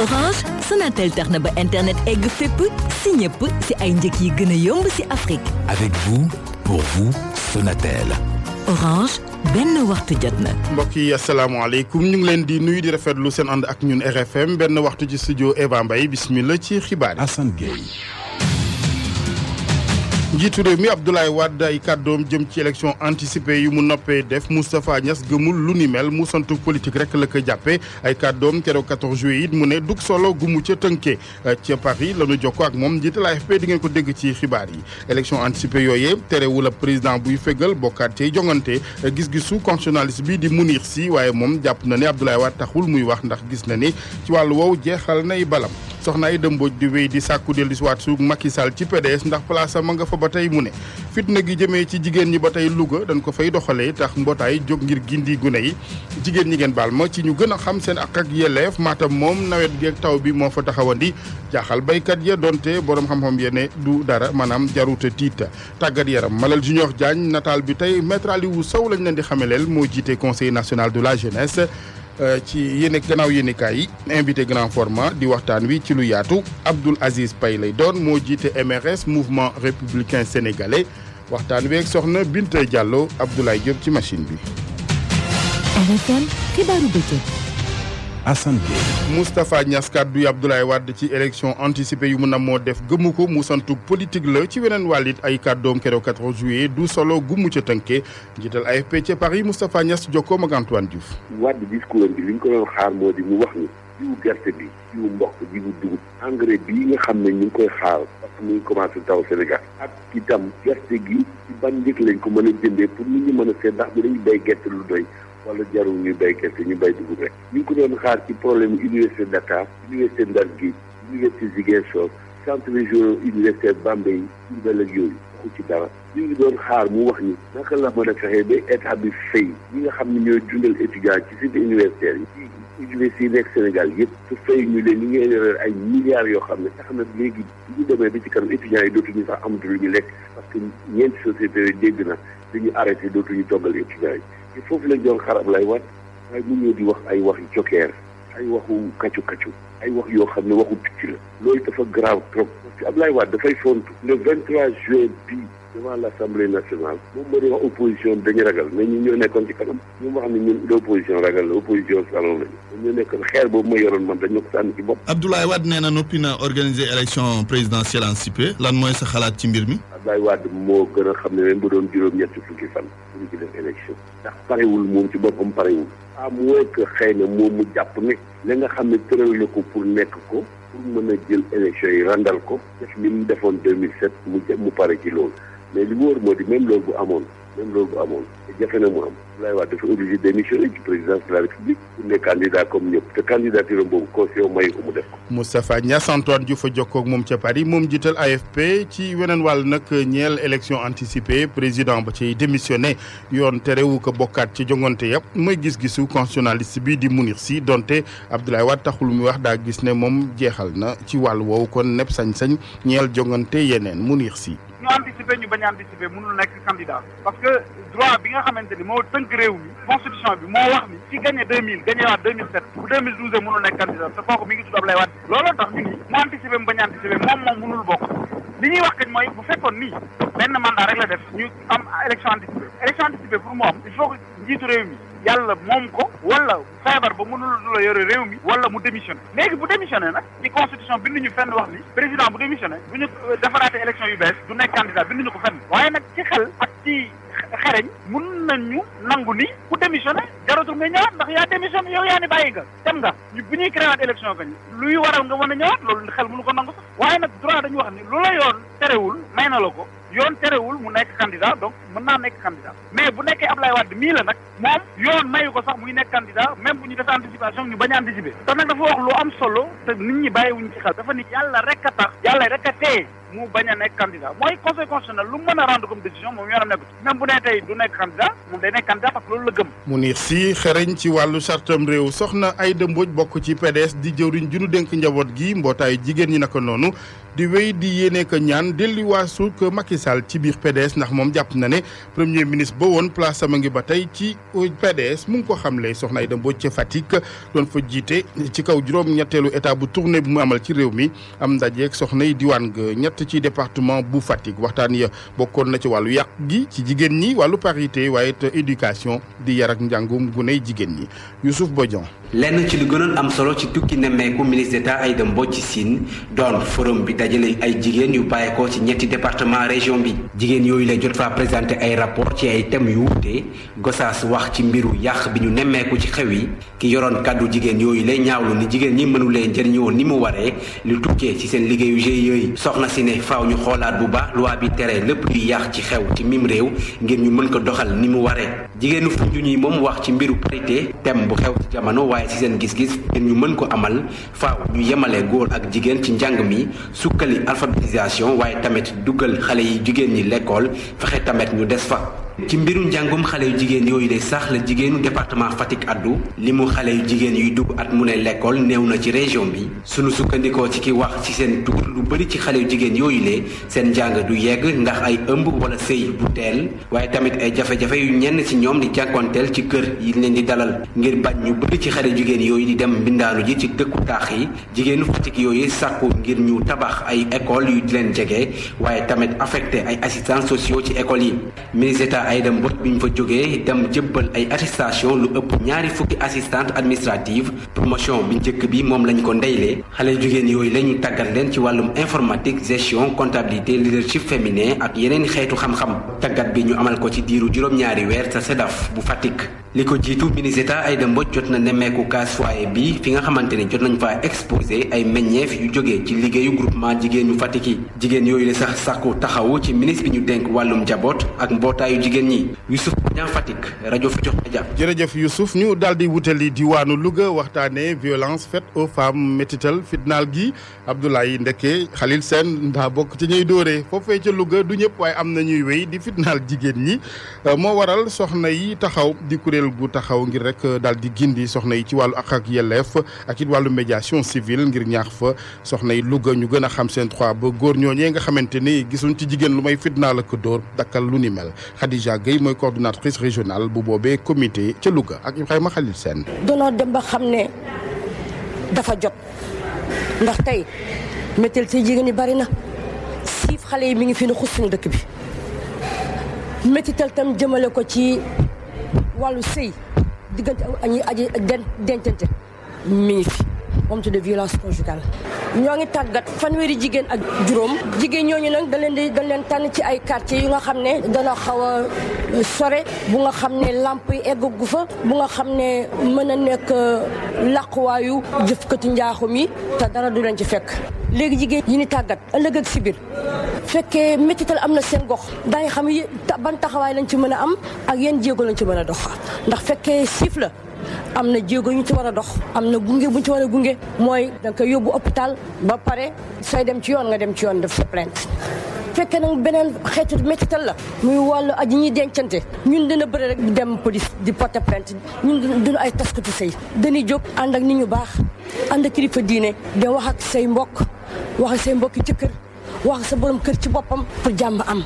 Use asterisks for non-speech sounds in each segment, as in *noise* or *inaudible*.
Orange Sonatel tax na ba internet egg fépp si ñëpp si ay njëg yi gën a yomb si Afrique. Avec vous, pour vous, Sonatel. Orange benn waxtu jot na. mbokk yi asalaamaaleykum ñu ngi leen di nuyu di rafetlu seen ànd ak ñun RFM benn waxtu ci studio Eva mbay bismillah ci xibaar yi. njiitu réew mi Abdoulaye Wade ay kàddoom jëm ci élection anticipée yu mu noppee def Moustapha Niass gëmul lu ni mel mu santu politique rek la ko jàppee ay kàddoom keroog 14 juillet it mu ne dug solo gumu ca tënkee ca Paris la ñu jokkoo ak moom njiital AFP di ngeen ko dégg ci xibaar yi. élection anticipée yooyee terewul ab président buy fégal bokkaat cee jongante gis-gisu constitutionnaliste bi di Mounir si waaye moom jàpp na ne Abdoulaye Wade taxul muy wax ndax gis na ni ci wàllu woowu jeexal nay balam. soxna Aïda Mbodj di wéy di sàkku dellusiwaat su Macky Sall ci PDS ndax place ma nga fa ba tey mu ne fitna gi jëmee ci jigéen ñi ba tey Louga dañ ko fay doxalee tax mbootaay jóg ngir gindi gune yi jigéen ñi ngeen baal ma ci ñu gën a xam seen ak ak yelleef maatam moom nawet geeg taw bi moo fa taxawandi jaaxal baykat ya donte borom xam-xam yene du dara maanaam jaruta tiita tàggat yaram Malal Junior jaañ nataal bi tey maître Aliou Sow lañ leen di xameleel moo jiite conseil national de la jeunesse Euh, ci yéen gannaaw yéenekaay yi invité grand format di waxtaan wi ci lu yaatu Abdoul Aziz pay lay doon moo jiite MRS mouvement républicain sénégalais waxtaan wi ak soxna Binte Diallo Abdoulaye Diop ci machine bi. Assane Gueye Moustapha Niass kàddu yi Abdoulaye Wade ci élection anticipée yu mën na moo def gëmu ko mu santu politique la ci weneen wàllit ay kàddoom keroog 14 juillet du solo gumu ca tënkee njiital AFP ca Paris Moustapha Niass jokkoom ak Antoine Diouf Wade discours bi li ñu ko doon xaar moo di mu wax ni jiwu gerte bi jiwu mboq jiwu dugub engrais bii nga xam ne ñu ngi koy xaar parce que muy commencé taw Sénégal ak itam gerte gi ci ban njëg lañ ko mën a jëndee pour nit ñi mën a seet ndax dinañ bay gerte lu doy wala jarul ñu béykat yi ñu bay dugub rek. ñu ko doon xaar ci problème université Dakar université Ndar Géej université Ziguinchor centre régional universitaire Bambey Diourbel ak yooyu waxu ci dara. ñu ngi doon xaar mu wax ni naka la mën a fexee ba bi nga xam ne ñooy dundal étudiant ci site universitaire yi. université yi nekk Sénégal yëpp su fay ñu leen ñu ngi leen ay milliards yoo xam ne tax na léegi bu ñu demee ba ci kanam étudiants yi dootuñu sax amatu lu ñu lekk parce que ñeenti sociétés yooyu dégg na dañu arrêté dootuñu toggal étudiants yi. ci foofu lañ doon xarab lay wat waaye mu di wax ay wax yu cokkeer ay waxu kaccu kaccu ay wax yoo xam ne waxu picc la loolu dafa grave trop parce que Ablaye dafay font le 23 juin bii devant l'Assemblée nationale moom moo di wax opposition dañu ragal mais ñoo nekkoon ci kanam moom wax ne ñun l'opposition ragal la opposition salon lañu ñun ñoo nekkoon xeer boobu ma yoroon man dañoo ko sànni ci bopp Abdoulaye Wade nee na noppi na organiser élection présidentielle anticipée lan mooy sa xalaat ci mbir mi Abdoulaye Wade moo gën a xam ne même bu doon juróom-ñetti fukki fan ñu ci def élection ndax parewul moom ci boppam parewul à moins que xëy na moom mu jàpp ne li nga xam ne tëral na ko pour nekk ko pour mën a jël élection yi randal ko def li mu defoon 2007 mu mu pare ci loolu mais li wóor moo di même loolu bu amoon même loolu bu amoon jafe na mu am Abdoulaye Wade dafa obligé démissionner ci présidence de la république il est candidat comme ñëpp te candidature am boobu constitution may ko mu def ko Moustapha Niass Antoine Diouf a jokkoo ak moom ca Paris moom jiital AFP ci weneen wàll nag ñeel élection anticipée président ba ciy démissionné yoon terewu ko bokkaat ci jongante yëpp mooy gis-gisu constitutionnaliste bi di Mounir Sy donte Abdoulaye Wade taxul mu wax daa gis ne moom jeexal na ci wàll woowu kon nepp sañ-sañ ñeel jongante yeneen Mounir Sy ñu anticiper ñu bañ anticiper mënul nekk candidat parce que droit bi nga xamante ni moo tënk réew mi constitution bi moo wax ni ci gagné 2000 gagné waat 2007 bu 2012 mënul nekk candidat te kooku mi ngi tudd Abdoulaye Wade looloo tax ñu ni mu anticiper mu bañ a anticiper moom moom mënul bokk li ñuy wax kañ mooy bu fekkoon nii benn mandat rek la def ñu am élection anticipée élection anticipée pour mu am il faut que njiitu réew mi yàlla moom ko wala feebar ba mënul la yore réew mi wala mu démissionné léegi bu démissionné nag ci constitution bind ñu fenn wax ni président bu démissionné bu ñu euh, defaraatee élection xereñ mun ñu nangu ni ku démissionné jaratul nga ñëwaat ndax yaa démissionné yow yaa ni bàyyi nga dem nga ñu bu ñuy créé waat élection kañ luy waral nga mën a ñëwaat loolu xel mënu ko nangu sax waaye nag droit dañu wax ni lu la yoon terewul may na la ko yoon terewul mu nekk candidat donc mën naa nekk candidat mais bu nekkee Ablaye Wade mii la nag moom yoon mayu ko sax muy nekk candidat même bu ñu def anticipation ñu bañ a anticiper te nag dafa am solo te ñi bàyyiwuñ ci xel dafa ni yàlla rek tax yàlla rek a téye mu bañ a nekk candidat mooy conseil constitutionnel lu mën a rendre comme décision moom yoonam nekk même bu ne tey du nekk candidat moom day nekk candidat parce que loolu mu neex si xereñ ci wàllu chartam réew soxna Aïda Mbodj bokk ci PDS di jëwriñ junu dénk njaboot gi mbootaay jigéen ñi naka noonu di wéy di yéene ko ñaan delluwaasu ko Macky Sall ci biir PDS ndax moom jàpp na ne premier ministre ba woon place sama ngi ba tey ci PDS mu ngi ko xamle soxna Aïda Mbodj ca Fatick doon ci kaw juróom-ñetteelu bu tournée bu mu amal ci réew mi ñett ci département bu Fatick waxtaan ya bokkoon na ci wàllu yàq gi ci jigéen ñi wàllu parité waaye te éducation di yar ak njàngum guney jigéen ñi Youssouf Bodian lenn ci lu gënoon am solo ci tukki nemmeeku ministre d'État ay Mbodj ci siin doon forum bi dajale ay jigéen yu bàyyeekoo ci ñetti département région bi jigéen yooyu la jot fa présenté ay rapport ci ay thèmes yu wuute Gosaas wax ci mbiru yàq bi ñu nemmeeku ci xew yi ki yoroon kàddu jigéen yooyu lay ñaawlu ni jigéen ñi mënulee njëriñoo ni mu waree lu tukkee seen liggéeyu faw ñu xoolaat bu baax loi bi tere lépp yu yàq ci xew ci mim réew ngir ñu mën ko doxal ni mu waree jigéenu Foundiougne yi moom wax ci mbiru parité thème bu xew ci jamono waaye ci seen gis-gis ngir ñu mën ko amal faaw ñu yemale góor ak jigéen ci njàng mi sukkali alphabétisation waaye tamit duggal xale yi jigéen ñi lekkool fexe tamit ñu des fa ci mbiru njàngum xale yu jigéen yooyu de sax la jigéenu département Fatick addu li mu xale yu jigéen yuy dugg at mu ne lekkool néew na ci région bi sunu sukkandikoo ci ki wax ci seen tur lu bëri ci xale yu jigéen yooyu le seen njàng du yegg ndax ay ëmb walla sëy bu teel waaye tamit ay jafe-jafe yu ñenn ci ñoom di jànkoonteel ci kër yi leen di dalal ngir bañ ñu bëri ci xale jigéen yooyu di dem mbindaanu ji ci dëkku taax yi jigéenu Fatick yooyu sàkku ngir ñu tabax ay école yu leen jege waaye tamit affecté ay assistants sociaux ci école yi Aïda Mbodj bi ñu fa jógee dem jëbbal ay attestation lu ëpp ñaari fukki assistante administrative promotion bi njëkk bi moom lañ ko ndeylee xale jigéen yooyu la ñu tàggat leen ci wàllum informatique gestion comptabilité leadership féminin ak yeneen xeetu xam-xam tàggat bi ñu amal ko ci diiru juróom-ñaari weer ca SEDAF bu Fatick li ko jiitu ministre Aïda Mbodj jot na nemmeeku cas foyer bi fi nga xamante ne jot nañ fa exposé ay meññeef yu jógee ci liggéeyu groupement jigéen Fatick yi jigéen yooyu la sax sàkku taxawu ci ministre bi ñu dénk wàllum njaboot ak mbootaayu jigéen ñi Youssouf rajo Futurs Médias jërëjëf Youssouf ñu daal di wutali diwaanu Louga waxtaanee violence faite aux femmes métital fitnaal gi Abdoulaye Ndeke Khalil seen ndaa bokk ci ñuy dóoree foofee ca Louga du ñëpp waaye am na ñuy wéy di fitnaal jigéen ñi euh, moo waral soxna yi taxaw di kuréel gu taxaw ngir rek euh, daal di gindi soxna yi ci wàllu ak ak yelleef ak wàllu médiation civile ngir ñaax fa soxna yi Louga ñu gën a xam seen droit ba góor ñooñee nga xamante ni gisuñ ci jigéen lu may fitnaa ak dóor dakkal lu Khadija yi mooy coordonnatrice régionale bu boobee comité ca Louga ak Ibrahima Khalil Sène danoo dem ba xam ne dafa jot ndax tey méttal ci jigéen ñi bari na siif xale yi mi ngi fi nu xus suñu dëkk bi métital tam jëmale ko ci wàllu sëy diggante añuy aji den dencante mi ngi fi comte de violence conjugale ñoo ngi tàggat fanweeri jigéen ak juróom jigéen ñooñu nag dañ leen di dañ leen tànn ci ay quartiers yu nga xam ne dana xaw a euh, sore bu nga xam ne làmp yi eggagu fa bu nga xam ne mën a nekk euh, làquwaayu jëfkati njaaxum yi te dara du leen ci fekk léegi jigéen yi ni tàggat ëllëg ak si biir fekkee métital am na seen gox daañu xam ban taxawaay lañ ci mën a am ak yéen jéego lañ ci mën a dox ndax fekkee siif am na jéego ñu ci war a dox am na gunge bu ñu a gunge mooy danga koy yóbbu hôpital ba pare sooy dem ci yoon nga dem ci yoon def sa plainte fekkee nag beneen xeetu métital la muy wàllu aji ñuy dencante ñun dina bëri rek dem police di porter plainte ñun ay taskatu sëy dañuy jóg ànd ak ni ñu baax ànd ak kilifa diine de wax ak say mbokk wax ak say mbokki jëkkër wax sa borom kër ci boppam pour jàmm am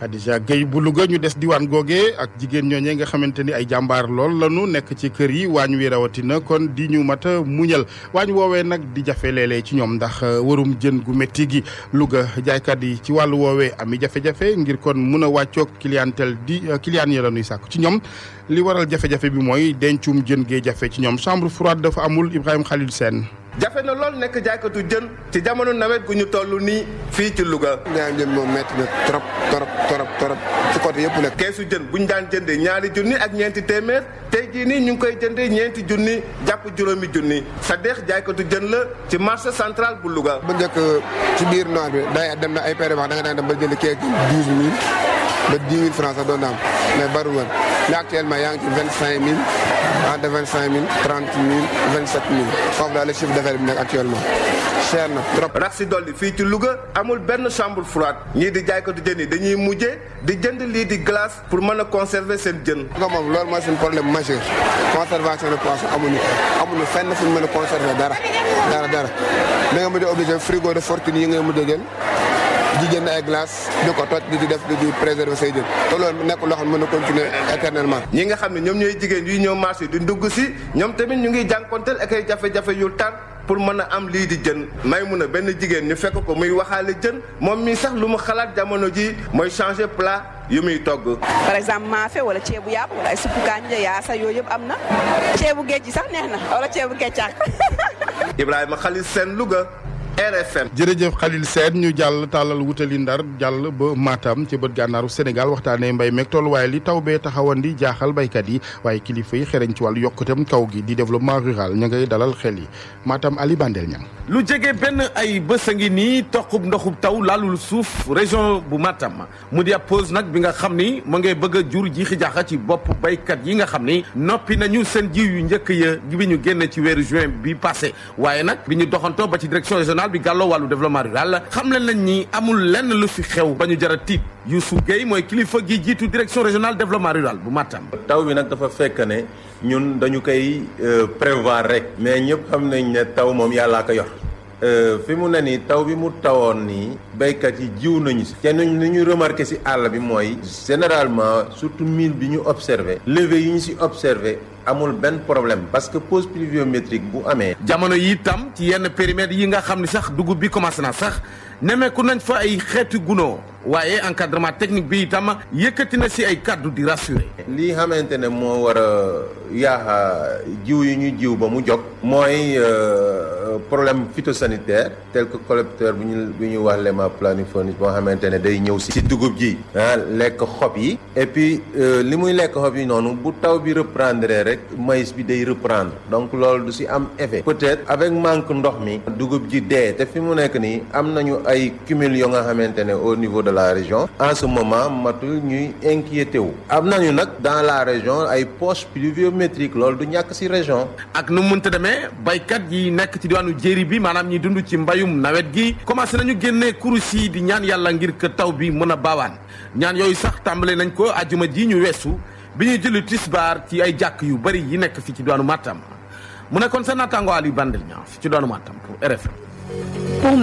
Khadija Gueye bu Louga ñu des diwaan googee ak jigéen ñooñee nga xamante ni ay jàmbaar lool lañu nekk ci kër yi waañ wi rawatina kon di ñu mat a muñal waañ woowee nag di jafe léeg ci ñoom ndax euh, warum jën gu métti gi Louga jaaykat yi ci wàllu woowee ami jafe-jafe ngir kon mun a wàccoog clientèle di euh, client yi la ñuy sàkk ci ñoom li waral jafe-jafe bi mooy dencum jën gee jafe ci ñoom chambre froide dafa amul Ibrahima Khalil seen jafe na lool nekk jaaykatu jën ci jamono nawet gu ñu toll nii fii ci Louga. ñaari jën moom métti na trop trop trop trop ci côté yëpp nag. keesu jën bu ñu daan jëndee ñaari junni ak ñeenti téeméer tey jii nii ñu ngi koy jëndee ñeenti junni jàpp juróomi junni sa deex jaaykatu jën la ci marché central bu Louga. ba njëkk ci biir noor bi day dem na ay péré wax da nga daan dem ba jënd kees douze ba dix mille francs mais bariwul mais actuellement yaa ngi ci vingt cinq mille entre vingt mille trente mille vingt sept mille foofu daal la chiffre d'affaires bi nekk actuellement cher na trop. rax si dolli fii ci Louga amul benn chambre froide ñii di jaaykatu jën yi dañuy mujje di jënd lii di glace pour mën a conserver seen jën. nga moom lool mooy seen problème majeur conservation de poisson amuñu amuñu fenn fu ñu mën a conserver dara dara dara da nga mujj obligé frigo de fortune yi nga mujj a di jënd ay glace di ko toj di def di préserver say jën te loolu nekk loo xam ne ko na continuer éternellement ñi nga xam ne ñoom ñooy jigéen yuy ñëw marché di ndugg si ñoom tamit ñu ngi jànkonteel ak ay jafe-jafe yu tar pour mën a am lii di jën may mun a benn jigéen ñu fekk ko muy waxaale jën moom mii sax lu mu xalaat jamono ji mooy changer plat yu muy togg. par exemple maafe wala ceebu yàpp wala ay suppu kanja yaasa yooyu yëpp am na ceebu géej gi sax neex na wala ceebu kecaak. *laughs* Ibrahima Xalis Seen Louga. RFM. jërëjëf Khalil Sène ñu jàll tàllal wutali ndar jàll ba maatam ci bët gànnaaru Sénégal waxtaanee mbay meeg waaye li taw bee taxawandi jaaxal baykat yi waaye kilifa yi xereñ ci wàllu yokkutem kaw gi di développement rural ña ngay dalal xel yi maatam Ali Bandel ñam lu jege benn ay bés a ngi nii toqub ndoxub taw laalul suuf région bu ma mu di ab nag bi nga xam ni mu ngay bëgg a jur jiixi jaaxa ci bopp baykat yi nga xam ni noppi nañu seen jiw yu njëkk ya bi ñu génn ci weeru juin bi passé waaye nag bi ñu doxantoo ba ci direction régionale journal bi gàlloo wàllu développement rural xam leen nañ ni amul lenn lu fi xew ba ñu jara tiit yu Gueye mooy kilifa gi jiitu direction régionale développement rural bu Matam. taw bi nag dafa fekk ne ñun dañu koy euh, prévoir rek. mais ñëpp xam nañ ne taw moom yàllaa ko yor. Euh, fi mu ne nii taw bi mu tawoon nii béykat yi jiw nañu si kenn nuñ nu ñuy remarqué si àll bi mooy généralement surtout mille bi ñu observé levée yi ñu si observé amul benn problème parce que pause pluviométrique bu amee. jamono yi tam ci yenn périmètres yi nga xam ni sax dugub bi commencé na sax nemeeku nañ fa ay xeeti gunóor. waaye encadrement technique bi itam yëkkati na si ay kàddu di rassuré. lii xamante ne moo war a yaaxa jiw yu ñu jiw ba mu jóg. mooy euh, problème phytosanitaire tel collecteur bu ñu bu ñuy wax lema planifolis boo xamante ne day ñëw si. si dugub ji ah lekk xob yi. et puis euh, li muy lekk xob yi noonu bu taw bi reprendre rek maïs bi day reprendre donc loolu du si am effet. peut-être avec manque ndox mi. dugub ji dee te fi mu nekk nii am nañu ay cumul yoo nga xamante ne au niveau de. la région en ce moment matul ñuy inquiété wu am nañu nag dans la région ay poches pluviométriques lool du ñàkk ci région ak nu mënta demee baykat yi nekk ci diwaanu jéeri bi maanaam ñi dund ci mbayum nawet gi commencé nañu génnee kurus yi di ñaan yàlla ngir que taw bi mën a baawaan ñaan yooyu sax tàmbale nañ ko ajuma ji ñu weesu bi ñuy jëli tisbaar ci ay jàkk yu bari yi nekk fi ci diwaanu Matam mu nekkoon sa naataango Aliou Bandel ñaa fi ci diwaanu Matam pour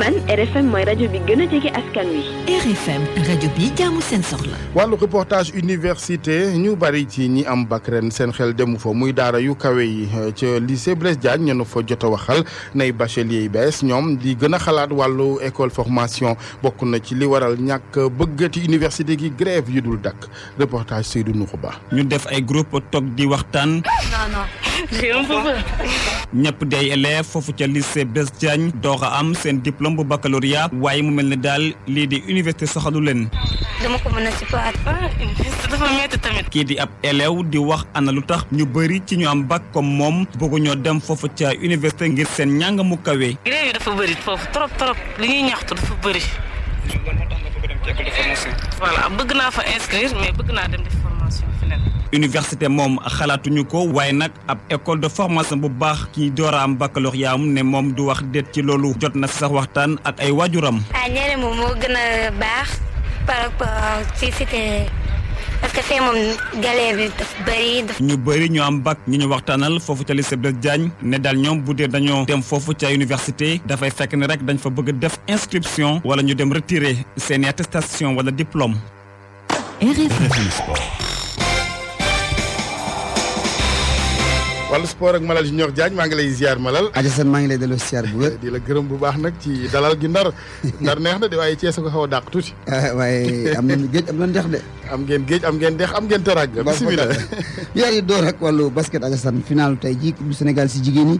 wàllu reportage université ñu bari ci ñi am bacren seen xel demu fa muy daara yu kawe yi euh, ca lycée Blaise Diagne ñu fa jot a waxal nay bachelier yi bees ñoom di gën a xalaat wàllu école formation bokk na ci li waral ñàkk bëggati université gi grève yu dul dakk reportage Seydou Nourouba. ñu def ay groupe toog di waxtaan. non non. ñëpp élèves foofu ca lycée Blaise Diagne doog am seen diplôme bu baccalauréat waaye mu mel ne daal lii di université soxalu leen. dama ko mën a ci paat ah, dafa kii di ab élève di wax ana lu tax ñu bëri ci ñu am bac comme moom bëgguñoo dem foofu ca université ngir seen ñàng mu kawe. grève yi dafa bëri foofu trop trop li ñuy ñaxtu dafa bëri. voilà bëgg naa fa inscrire mais bëgg naa dem def formation finalement. université moom xalaatuñu ko waaye nag ab école de formation bu baax kii dooraam yaa mu ne moom du wax déet ci loolu jot na sax waxtaan ak ay waajuram. a ah, ñeneen moom moo gën a baax par bëri. ñu ñu am bac ñu ñu waxtaanal foofu ca lycée Blaise ne daal ñoom bu dee dañoo dem foofu ca université dafay fekk ne rek dañ fa bëgg def inscription wala ñu dem retirer seeni attestation wala diplôme. RFI wàllu sport ak Malal Junior Diagne maa ngi lay ziar Malal. Adja maa ngi lay delloo ziar bu wér. di la gërëm bu baax nag ci dalal gi ndar ndar neex na de waaye Thiès a ko xaw a dàq tuuti. *laughs* Ah, waaye am nañu am nañu dex de. am ngeen géej am ngeen dex am ngeen teraanga. bisimilah yaa ngi door ak wàllu basket Adja Sane final tey jii Coupe du Sénégal si jigéen ñi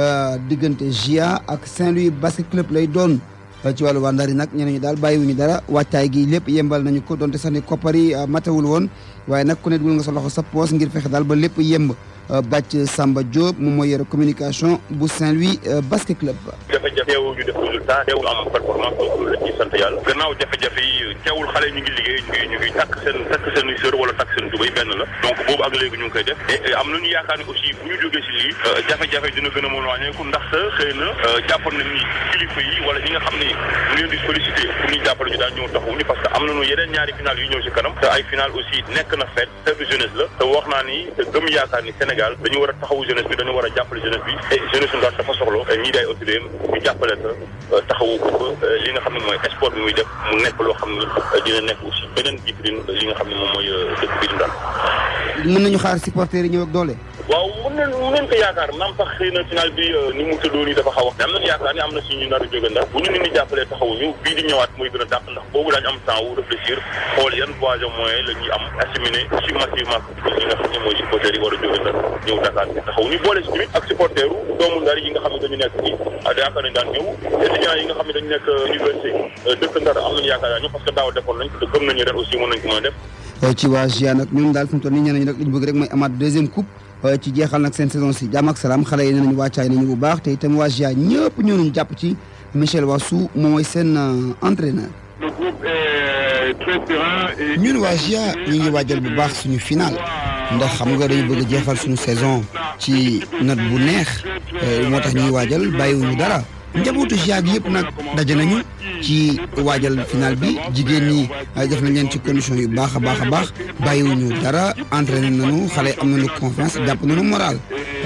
euh, diggante GIA ak Saint-Louis basket club lay doon. Euh, ci wàllu waa ndar yi nag ñeneen ñu daal wu bàyyiwuñu dara wàccaay gi lépp yembal nañu ko donte sax ni koppar yi euh, matewul woon waaye nag ku ne dugal nga sa loxo sa poos ngir fexe daal ba lépp yemb euh, bàcc Samba Diop moom mooy yore communication bu Saint-Louis euh, basket club. jafe-jafe teewul ñu def résultat teewul am performance donc loolu la ñuy jafe yi teewul xale ñu ngi liggéey ñu ngi takk seen takk seen sër wala takk seen tubay benn la. donc boobu ak léegi ñu ngi koy def. e am nañu yaakaar ne aussi bu ñu jógee si lii. Euh, jafe-jafe dina gën a mën a wàññeeku ndax xëy na jàppoon nañ ni kilifa yi wala ñi nga xam ne ñu leen di sollicité pour ñu na fet chef de jeunesse la te wax naa ni te gëm yaakaar ni Sénégal dañu war a taxawu jeunesse bi dañu war a jàppale jeunesse bi te jeunesse Ndar dafa soxla ñii day autorités ñu jàppale ta euh, taxawu ko euh, li nga xam ne mooy sport bi muy def mu nekk loo xam ne euh, dina nekk aussi beneen vitrine li nga xam ne mooy dëkk bi Ndar mën nañu xaar supporters yi ñëw ak doole waaw mën nañ ko yaakaar naam sax xëy na final bi euh, ni mu tëddoo dafa xaw a am nañu yaakaar ni am na suñu nar a jóge ndax bu ñu nit ñi jàppalee taxawuñu bii di ñëwaat mooy gën dàq am temps wu réfléchir a Ndar xam ne dañu nekk ci yaakaar nañ ñëw daal fi mu nii ñeneen ñi nag li ñu bëgg rek mooy amaat deuxième coupe ci jeexal nag seen saison si jàmm ak salaam xale yi nee nañu wàccaay nañu bu baax te itam waa GIA ñëpp ñëw nañu jàpp ci Michel Wassou moom mooy seen euh, entraîneur. ñun waa GIA ñu ngi waajal bu baax suñu final ndax xam nga dañu bëgg a jeexal suñu saison ci note bu neex euh, moo tax ñuy waajal bàyyiwuñu dara njabootu GIA yëpp nag daje nañu. ci waajal final bi jigéen ñi def nañ leen ci condition yu baax a baax a baax bàyyiwuñu dara entraîné nañu xale am nañu confiance jàpp nañu moral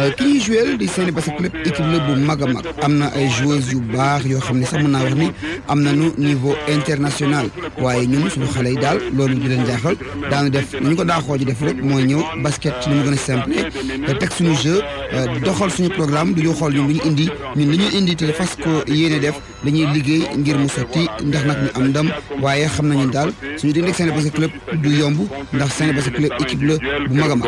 euh, ki ñuy joué di seeni parce que club équipe la bu mag a mag am na ay joueuses yu baax yoo xam ne sax mën naa wax ni am nañu niveau international waaye ñun suñu xale yi daal loolu di leen jaaxal daanu def ñu ko daaxoo ji def rek mooy ñëw basket ci ni mu gën a te euh, teg suñu jeu euh, doxal suñu programme du xool ñu ñu indi te fas ko yéene def dañuy liggéey ngir sotti ndax nag ñu am ndam waaye xam nañu daal suñu déglu ak Sané Basket Club ndax Sané Basket Club équipe la bu mag a mag.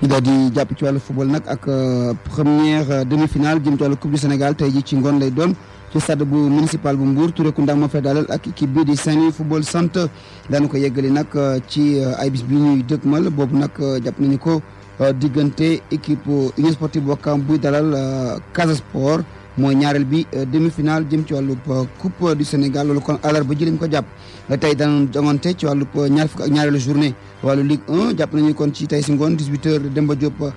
di jàpp ci wàllu football nag ak euh, première euh, demi-finale jëm ci wàllu coupe du Sénégal tey ji ci ngoon lay doon. ci stade bu municipal bu Mbour Touré Kounda moo fay ak équipe bii di Saint-Louis football centre daanu ko yeggali nag euh, ci ay bi bi ñuy dëkkmal boobu nag jàpp nañu ko. Euh, diggante équipe union sportive Ouakam buy dalal euh, Casa Sport mooy ñaareel bi euh, demi-finale jëm ci wàllub coupe du Sénégal loolu kon àllarba ji lañ ko jàpp tey dan jongante ci wàllub ñaar fukk ñaareelu journée wàllu Ligue 1 jàpp nañu kon ci tey si ngoon 18h Demba Diop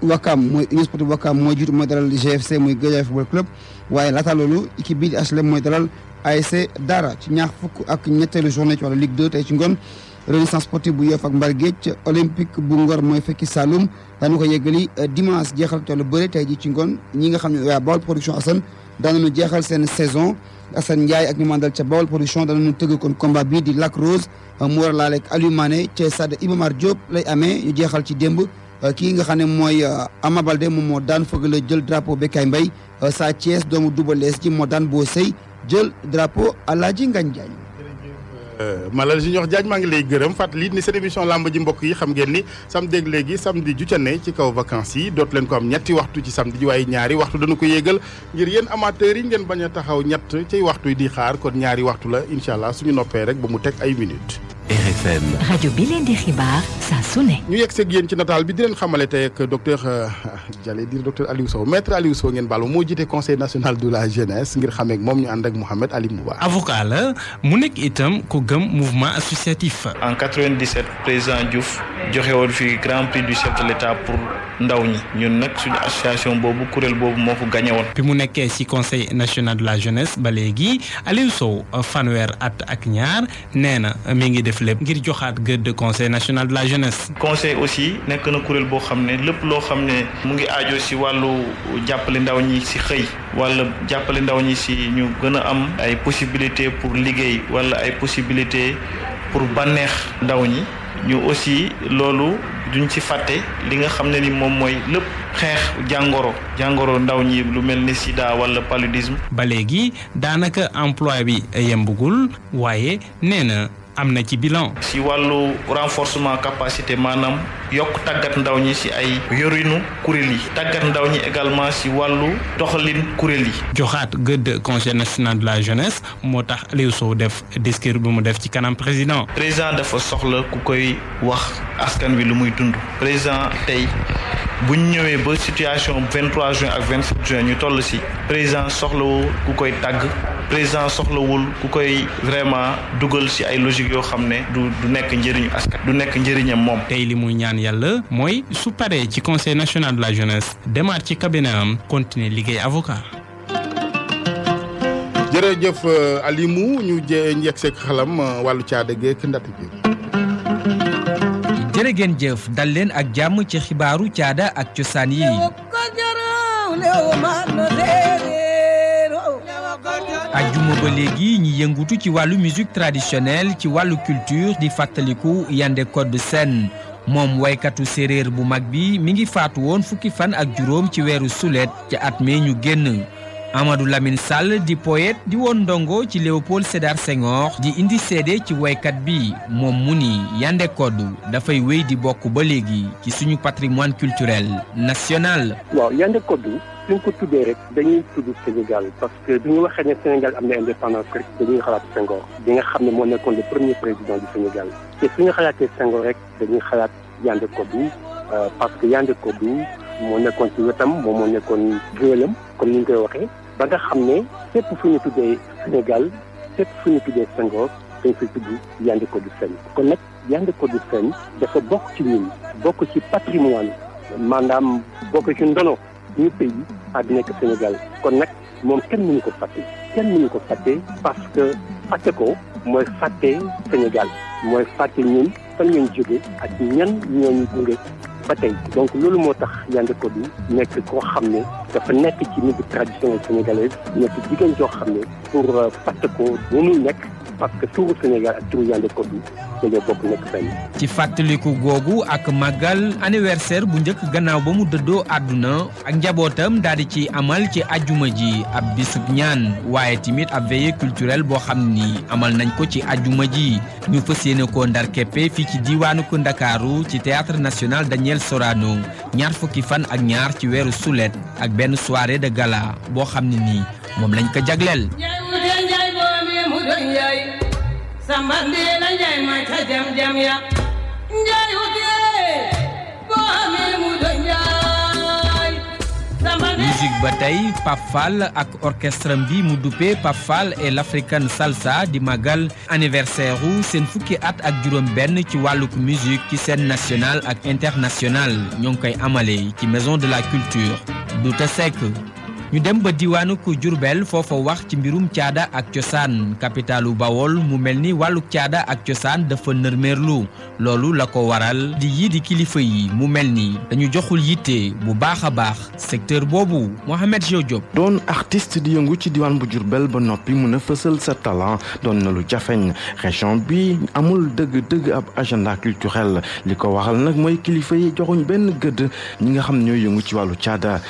Ouakam mooy union sportive Ouakam mooy jiitu mooy dalal GFC mooy Guédiawaye football club waaye laata loolu équipe bii di HLM mooy dalal ASC Dara ci ñaax fukk ak ñetteelu journée ci wàllu Ligue 2 ci ngoon. renaissance sportive bu Yoff ak Mbar Géej olympique bu Ngor mooy fekki Saloum daanu ko yeggali euh, dimance jeexal toolu bëre tey ji ci ngoon ñi nga xam ne waa Bawol production Assane daanañu jeexal seen saison Assane Ndiaye ak ñu mandal ca Bawol production daanañu tëgg kon combat bii di Lac Rose euh, mu war a laaleeg Aliou Mané ca stade Iba lay amee ñu jeexal ci démb euh, kii nga xam ne mooy Ama Baldé moom moo daan fëgg la jël drapeau Bécaye mbay Sa Thiès doomu Double Less moo daan boo sëy jël drapeau Alaaji Ngagne Ndiaye Euh, Malal Junior Diagne maa ngi lay gërëm fàttali ni seen émission lamb ji mbokk yi xam ngeen ni samedi ak léegi samedi ju ca ne ci kaw vacances yi dootu leen ko am ñetti waxtu ci samedi ji waaye ñaari waxtu dana ko yéegal ngir yéen amateurs yi ngeen bañ a taxaw ñett cay waxtu yi di xaar kon ñaari waxtu la incha allah suñu noppee rek ba mu teg ay minutes. RFM rajo bi leen di xibaar saa su ne. ñu yegg seeg yéen ci nataal bi di leen xamale tey ak docteur euh, j'allais dire docteur Aliou Sow maître Aliou Sow ngeen baalu moo jiite conseil national de la jeunesse ngir xamee moom ñu ànd ak Mouhamed mu Mouba. avocat la mu nekk itam ku gëm mouvement associatif. en 97 président Diouf joxe woon fii grand prix du chef de l'État pour ndaw ñi ñun nag suñu association boobu kuréel boobu moo ko gagné woon. bi mu nekkee ci conseil national de la jeunesse ba léegi Aliou Sow euh, at ak ñaar def ngir joxaat gëdd conseil national de la jeunesse. conseil aussi nekk na kuréel boo xam ne lépp loo xam ne mu ngi aajo si wàllu jàppale ndaw ñi si xëy wala jàppale ndaw ñi si ñu gën a am ay possibilité pour liggéey wala ay possibilité pour banneex ndaw ñi ñu aussi loolu duñ ci fàtte li nga xam ne ni moom mooy lépp xeex jàngoro jàngoro ndaw ñi lu mel ni sida walla paludisme. ba léegi daanaka emploi bi yembugul waaye nee na am na ci bilan. si wàllu renforcement capacité maanaam yokk tàggat ndaw ñi si ay yorinu kuréel yi tàggat ndaw ñi également si wàllu doxalin kuréel yi. joxaat gëdd conseil national de la jeunesse moo tax Aliou Sow def discours bi mu def ci kanam président. président dafa soxla ku koy wax askan wi lu muy dund président tey. bu ñu ñëwee ba situation 23 juin ak 27 juin ñu toll si président soxlawul ku koy tàgg président soxlawul ku koy vraiment dugal si ay logique yoo xam ne du du nekk njëriñu askan du nekk njëriñam moom. tey li muy ñaan yàlla mooy su paree ci conseil national de la jeunesse demaat ci cabinet am continuer liggéey avoca jërëjëf euh, Alimu ñu jë njëkk seeg xalam euh, wàllu caada geek ndàtt gi. jërë jëf dal leen ak jàmm ci xibaaru caada ak cosaan yi ajjuma ba léegi ñi yëngutu ci wàllu musique traditionnelle ci wàllu culture di fàttaliku Yandé Codou Sène moom woykatu séréer bu mag bi mi ngi faatu woon fukki fan ak juróom ci weeru suleet ci at mi ñu génn Amadou Lamine Sall di poète di woon ndongo ci Léopold Sédar Senghor di indi seede ci woykat bi moom mu ni Yandé Codou dafay wéy di bokk ba léegi ci suñu patrimoine culturel national. waaw Yandé Codou suñ ko tuddee rek dañuy tudd Sénégal parce que bi ñu waxee ne Sénégal am na xalaat Senghor bi nga xam ne moo nekkoon le premier président du Sénégal te suñu xalaatee Senghor rek dañuy xalaat Yandé Codou euh, parce que Yandé Codou moo nekkoon ci wetam moom moo nekkoon géwélam comme ni ñu koy waxee. ba nga xam ne fépp fu ñu tuddee Sénégal fépp fu ñu tuddee Senghor dañ fay tudd Yandé Codou Sène kon nag Yandé Codou Sène dafa bokk ci ñun bokk ci patrimoine maanaam bokk ci ndono ñu pays ak nekk Sénégal kon nag moom kenn mënu ko fàtte kenn mënu ko fàtte parce que fàtte ko mooy fàtte Sénégal mooy fàtte ñun fan ngeen jóge ak ñan ñoo ñu gunge ba tey donc loolu moo tax Yandé Codou nekk koo xam ne dafa nekk ci milieu traditionnel sénégalaise nekk jigéen joo xam ne pour euh, fàtte ko bu muy nekk parce que tuuru Sénégal ak tuuru ci fàttaliku googu ak màggal anniversaire bu njëkk gannaaw ba mu dëddoo àdduna ak njabootam daal di ci amal ci ajuma ji ab bisub ñaan waaye tamit ab veillée culturel boo xam ni amal nañ ko ci àjjuma ji ñu fas yéene ko ndar keppe fii ci diiwaanu ko Ndakaaru ci théâtre national danielle Sorano ñaar fukki fan ak ñaar ci weeru sulet ak benn soirée de gala boo xam ne nii moom lañ ko jagleel. samba ndéela njaay ma ca jam ya njaay hotee boo amee mu do njaay samba ba tey Pape Fall ak orchestre bi mu duppee Pape Fall et l'African Salsa di magal anniversaire u seen fukki at ak juróom benn ci wàlluk musique ci scène nationale ak internationale ñoo ngi koy amale ci maison de la culture Douta Seck ñu dem ba diwaanu ko Jurbel foofa wax ci mbirum caada ak cosaan capitalu Bawol mu mel ni wàlluk caada ak cosaan dafa nërmeerlu loolu la ko waral di yii di kilifa yi mu mel ni dañu joxul yitte bu baax a baax secteur boobu Mohamed Jo Diop doon artiste di yëngu ci diwaan bu jurbeel ba noppi mën a fësal sa talent doon na lu jafeñ région bi amul dëgg-dëgg ab agenda culturel li ko waxal nag mooy kilifa yi joxuñ benn gëdd ñi nga xam ñooy yëngu ci wàllu caada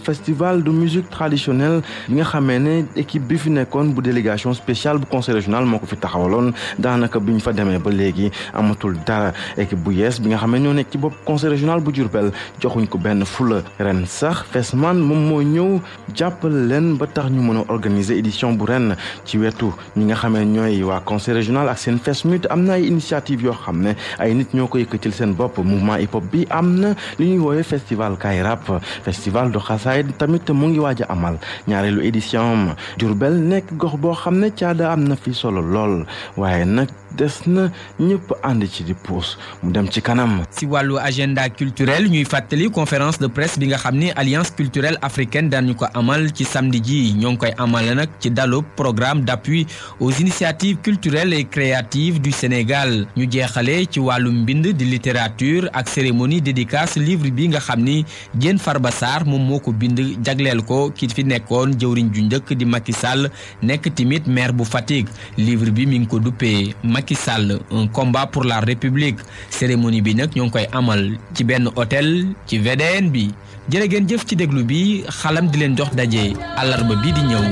festival de musique traditionnelle bi nga xamee ne équipe bi fi nekkoon bu délégation spéciale bu conseil régional moo ko fi taxawaloon daanaka bi fa demee ba léegi amatul dara équipe bu yees bi nga xamee ñoo nekk ci bopp conseil régional bu Diourbel joxuñ ko benn fula ren sax Fesman moom moo ñëw jàppale leen ba tax ñu mën a organiser édition bu ren ci wetu ñi nga xamee ñooy waa conseil régional ak seen Fesmut am na ay initiative yoo xam ne a nit ñoo ko yëkkatil seen bopp mouvement hip hop bi am na li ñuy woowee festival Kayrap festival do USAID tamit mu ngi waaj a amal ñaareelu édition am Diourbel nekk gox boo xam ne caada am na fi solo lool waaye nag des na ñëpp ànd ci di puus mu dem ci kanam. si wàllu agenda culturel ñuy fàttali conférence de presse bi nga xam ni alliance culturelle africaine daañu ko amal ci samedi ji ñoo ngi koy amal nag ci dalub programme d'appui aux initiatives culturelles et créative du Sénégal ñu jeexale ci wàllu mbind di littérature ak cérémonie dédicace livre bi nga xam ni Diène Farba Sarr moom moo ko bind jagleel ko ki fi nekkoon jëwriñ ju njëkk di Macky Sall nekk tamit maire bu Fatick livre bi mi ngi ko duppee Macky Sall un combat pour la république cérémonie bi nag ñoo ngi koy amal ci benn hôtel ci VDN bi jërë geen jëf ci déglu bi xalam di leen jox daje àllarba bii di ñëw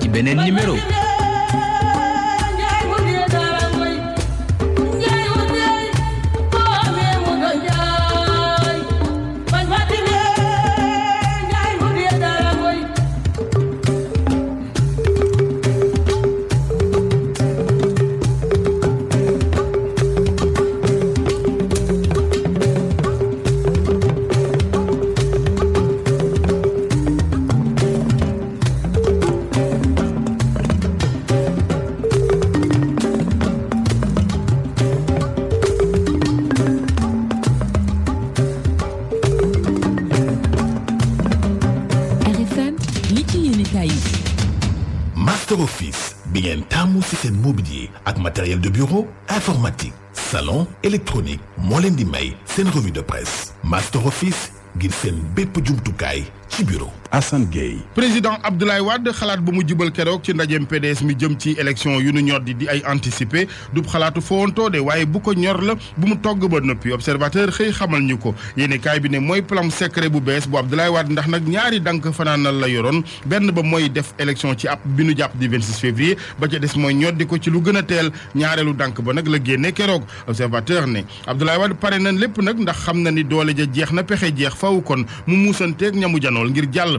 ci beneen numéro. matériel de bureau informatique salon électronique moo leen di may seen revue de presse master office ngir seen bépp jumtukaay ci bureau Assane Gueye président Abdoulaye Wade xalaat ba mu jubal keroog ci ndajeem PDS mi jëm ci élection yu nu ñor di di ay anticiper du xalaatu fowantoo de waaye bu ko ñor la bu mu togg ba noppi observateur xëy xamal ñu ko yéene bi ne mooy plan secret bu bees bu Abdoulaye Wade ndax nag ñaari dank fanaanal la yoroon benn ba mooy def élection ci ab bi nu jàpp di 26 février ba ca des mooy ñoddi ko ci lu gën teel ñaareelu dank ba nag la génne keroog observateur ne Abdoulaye Wade pare na lépp nag ndax xam na ni doole ja jeex na pexe jeex faw kon mu muusanteeg ñamu janool ngir jàll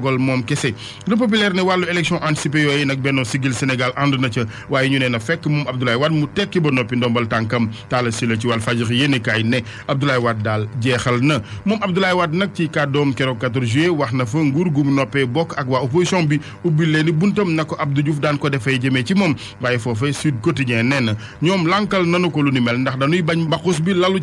dogal moom kese le populaire ne wàllu élection anticipée yooyu nag Benno Siggil Sénégal ànd na ca waaye ñu ne na fekk moom Abdoulaye Wade mu tekki ba noppi ndombal tànkam taala si la ci wàllu fajar yéenekaay ne Abdoulaye Wade daal jeexal na moom Abdoulaye Wade nag ci kàddoom keroog 14 juillet wax na fa nguur gu noppee bokk ak waa opposition bi ubbi leen ni buntam na ko du Diouf daan ko defee jëmee ci moom waaye foofee Sud Quotidien nee na ñoom lànkal nanu ko lu ni mel ndax dañuy bañ mbaxus bi lalu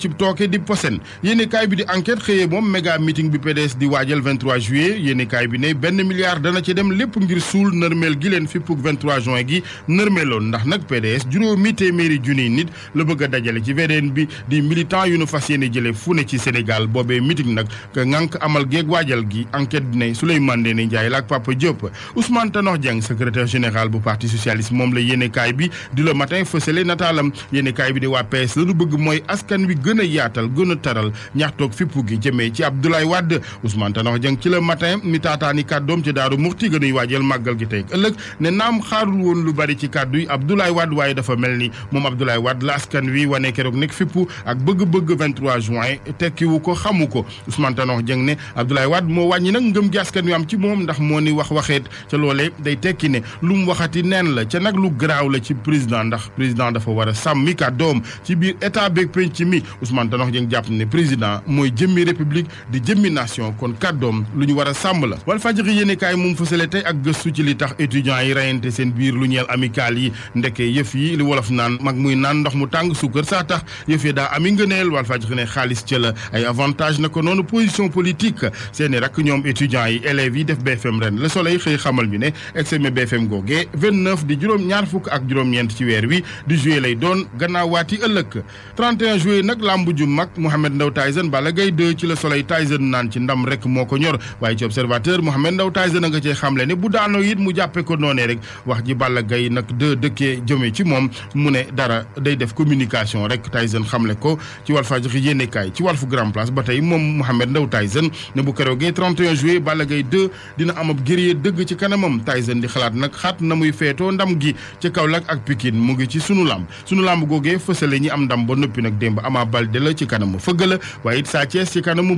bi di enquête xëyee moom méga bi PDS di waajal 23 juillet yéenekaay bi ne ne benn milliard dana ci dem lépp ngir suul nërmeel gi leen fippug 23 juin gi nërmeeloon ndax nag PDS juróomi téeméeri junniy nit la bëgg a dajale ci VDN bi di militant yu nu fas yéene jële fu ne ci Sénégal boobee meeting nag ka ngànk amal geeg waajal gi enquête ne Souleymane Ndéné Ndiaye la ak Papa Diop Ousmane Tanor Dieng secrétaire général bu parti socialiste moom la yéenekaay bi di le matin fësale nataalam yéenekaay bi di waa PS bëgg mooy askan wi gën a yaatal gën a taral ñaxtoog fippu gi ci Abdoulaye Wade waxtaani kàddoom ci daaru muxti gënuy waajal màggal gi tey ëllëg ne naam xaarul woon lu bari ci kàddu yi Abdoulaye Wade waaye dafa mel ni moom Abdoulaye Wade la askan wi wane keroog nekk fippu ak bëgg-bëgg 23 juin tekkiwu ko xamu ko Ousmane Tanor Dieng ne Abdoulaye Wade moo wàññi nag ngëm gi askan wi am ci moom ndax moo ni wax waxeet ca loolee day tekki ne lu mu waxati neen la ca nag lu garaaw la ci président ndax président dafa war a sàmmi kàddoom ci biir état beeg penc mi Ousmane Tanor Dieng jàpp ne président mooy jëmmi république di jëmmi nation kon kàddoom lu ñu war a sàmm la Walfadjri yéenekaay moom fësale tey ak gëstu ci li tax étudiants yi rayante seen biir lu ñeel amical yi ndeke yëf yi li wolof naan mag muy naan ndox mu tàng suukar saa tax yëf yi daa ami ngëneel Walfadjri ne xaalis ca la ay avantage na ko noonu position politique seeni rak ñoom étudiants yi élèves yi def BFM ren la Soleil xëy xamal bi ne examen BFM googee 29 di juróom ñaar fukk ak juróom-ñeent ci weer wi di juillet lay doon gannaawaati ëllëg 31 juillet nag làmb ju mag Mouhamed Ndao Tyson Balla Gaye 2 ci Le Soleil Tyson ci ndam rek moo ko ñor waaye ci observateur Mohamed Ndao Tyson a nga cee xamle ne bu daanoo it mu jàppee ko noonee rek wax ji Balla Gaye nag de dëkkee jëmee ci moom mu ne dara day def communication rek Tyson xamle ko ci Walfadjri yéenekaay ci Walf Grand Place ba tey moom Mohamed Ndao Tyson ne bu keroogee 31 juillet Balla Gaye 2 dina am ab guerrier dëgg ci kanamam Tyson di xalaat nag xaat na muy feetoo ndam gi ci Kaolack ak Pikine mu ngi ci sunu làmb sunu làmb googee fësale ñi am ndam ba noppi nag démb Ama Baldé la ci kanamu fëgg la waaye Sa Thiès ci kanamu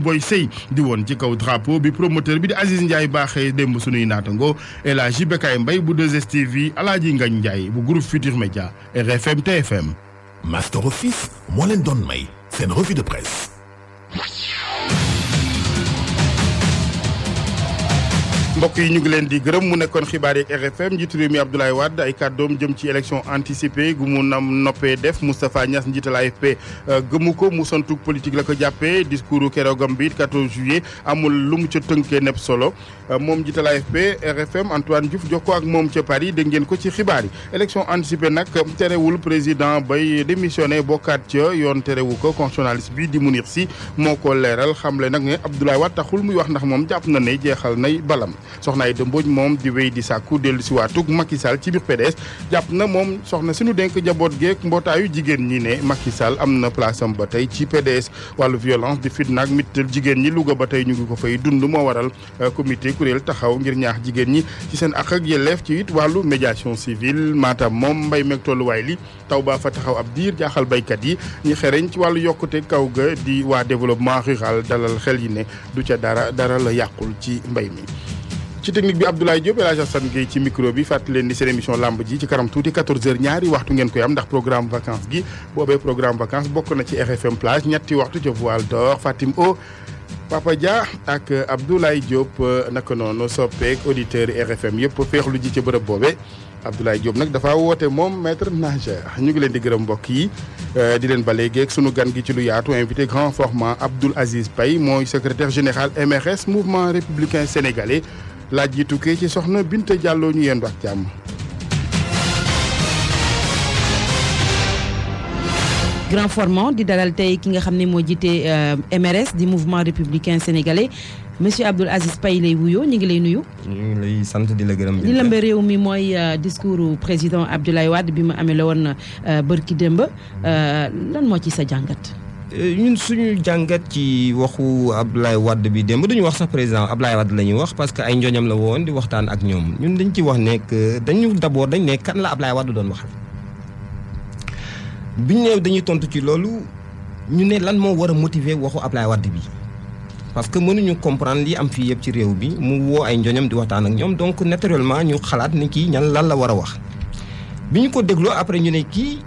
Ndiaye baaxee démb sunuy naatango El Hadji Bekay Mbaye bu 2STV Alaaji Ngañ Ndiaye bu groupe Futur Média RFM TFM Master Office moo leen doon may seen revue de mbokk yi ñu ngi leen di gërëm mu nekkoon xibaar yi RFM njiitu réew mi Abdoulaye Wade ay kàddoom jëm ci élection anticipée gu mu nam noppee def Moustapha Niass njiital AFP euh, gëmu ko mu santuk politique la ko jàppee discours keroogam bi 14 juillet amul lu mu ca tënkee nepp solo euh, moom njiital AFP RFM Antoine Diouf jox ko ak moom ca Paris dégg ngeen ko ci xibaar yi élection anticipée nag terewul président bay démissionné bokkaat ca yoon terewu ko constitutionnaliste bi di Mounir Sy moo ko leeral xamle nag ne Abdoulaye Wade muy wax ndax moom jàpp na ne jeexal nay balam soxna Aïda Mbodj moom di wéy di sàkku dellu si waatug Macky ci biir PDS jàpp na moom soxna suñu denk jaboot geek mbootaayu jigéen ñi ne Macky Sall am na place ba tey ci PDS wàllu violence di fitna ak mittal jigéen ñi Louga ba tey ñu ngi ko fay dund moo waral euh, comité kuréel taxaw ngir ñaax jigéen ñi ci seen ak ak yelleef ci it wàllu médiation civile Matam moom mbay meeg tolluwaay li taw baa fa taxaw ab diir jaaxal baykat yi ñi xereñ ci wàllu yokkute kaw ga di waa développement rural dalal xel yi ne du ca dara dara la yàqul ci mbay mi ci technique bi Abdoulaye Diop El Hadj Assane Gueye ci micro bi fàttali leen ni seen émission lamb ji ci kanam tuuti 14h ñaari waxtu ngeen koy am ndax programme vacances gi boobe programme vacances bokk na ci RFM plage ñetti waxtu ca voile d'or Fatim O Papa Dia ak Abdoulaye Diop naka noonu soppeek auditeurs RFM yëpp féexlu ji ci bërëb boobe Abdoulaye Diop nag dafa woote moom maître nageur ñu ngi leen di gërëm mbokk yi euh, di leen bale geeg sunu gan gi ci lu yaatu invité grand format Abdoul Aziz pay mooy secrétaire général MRS mouvement républicain sénégalais laaj yi tukkee ci soxna Binte Diallo ñu yendu ak jàmm. grand formant di dalal tey ki nga xam ne moo jiite euh, MRS di mouvement républicain sénégalais monsieur Abdoul Aziz Paye lay wuyoo ñu ngi lay nuyu. ñu ngi lay sant di la gërëm. di lëmbe réew mi mooy euh, discours président Abdoulaye Wade bi mu amee la woon euh, bërki démb lan moo ci sa jàngat. ñun suñu jàngat ci waxu Abdoulaye Wade bi démb duñu wax sax président Abdoulaye Wade la ñuy wax parce que ay njoñam la woon di waxtaan ak ñoom ñun dañu ci wax nekk dañu d'abord dañu ne kan la Abdoulaye Wade doon waxal ne dañuy tontu ci loolu ñu ne lan moo war a motiver waxu Abdoulaye Wade bi parce que mënuñu comprendre li am fii yëpp ci réew bi mu woo ay njooñam di waxtaan ak ñoom donc naturellement ñu xalaat ni kii ñan lan la war a wax bi ñu ko dégloo après ñu ne kii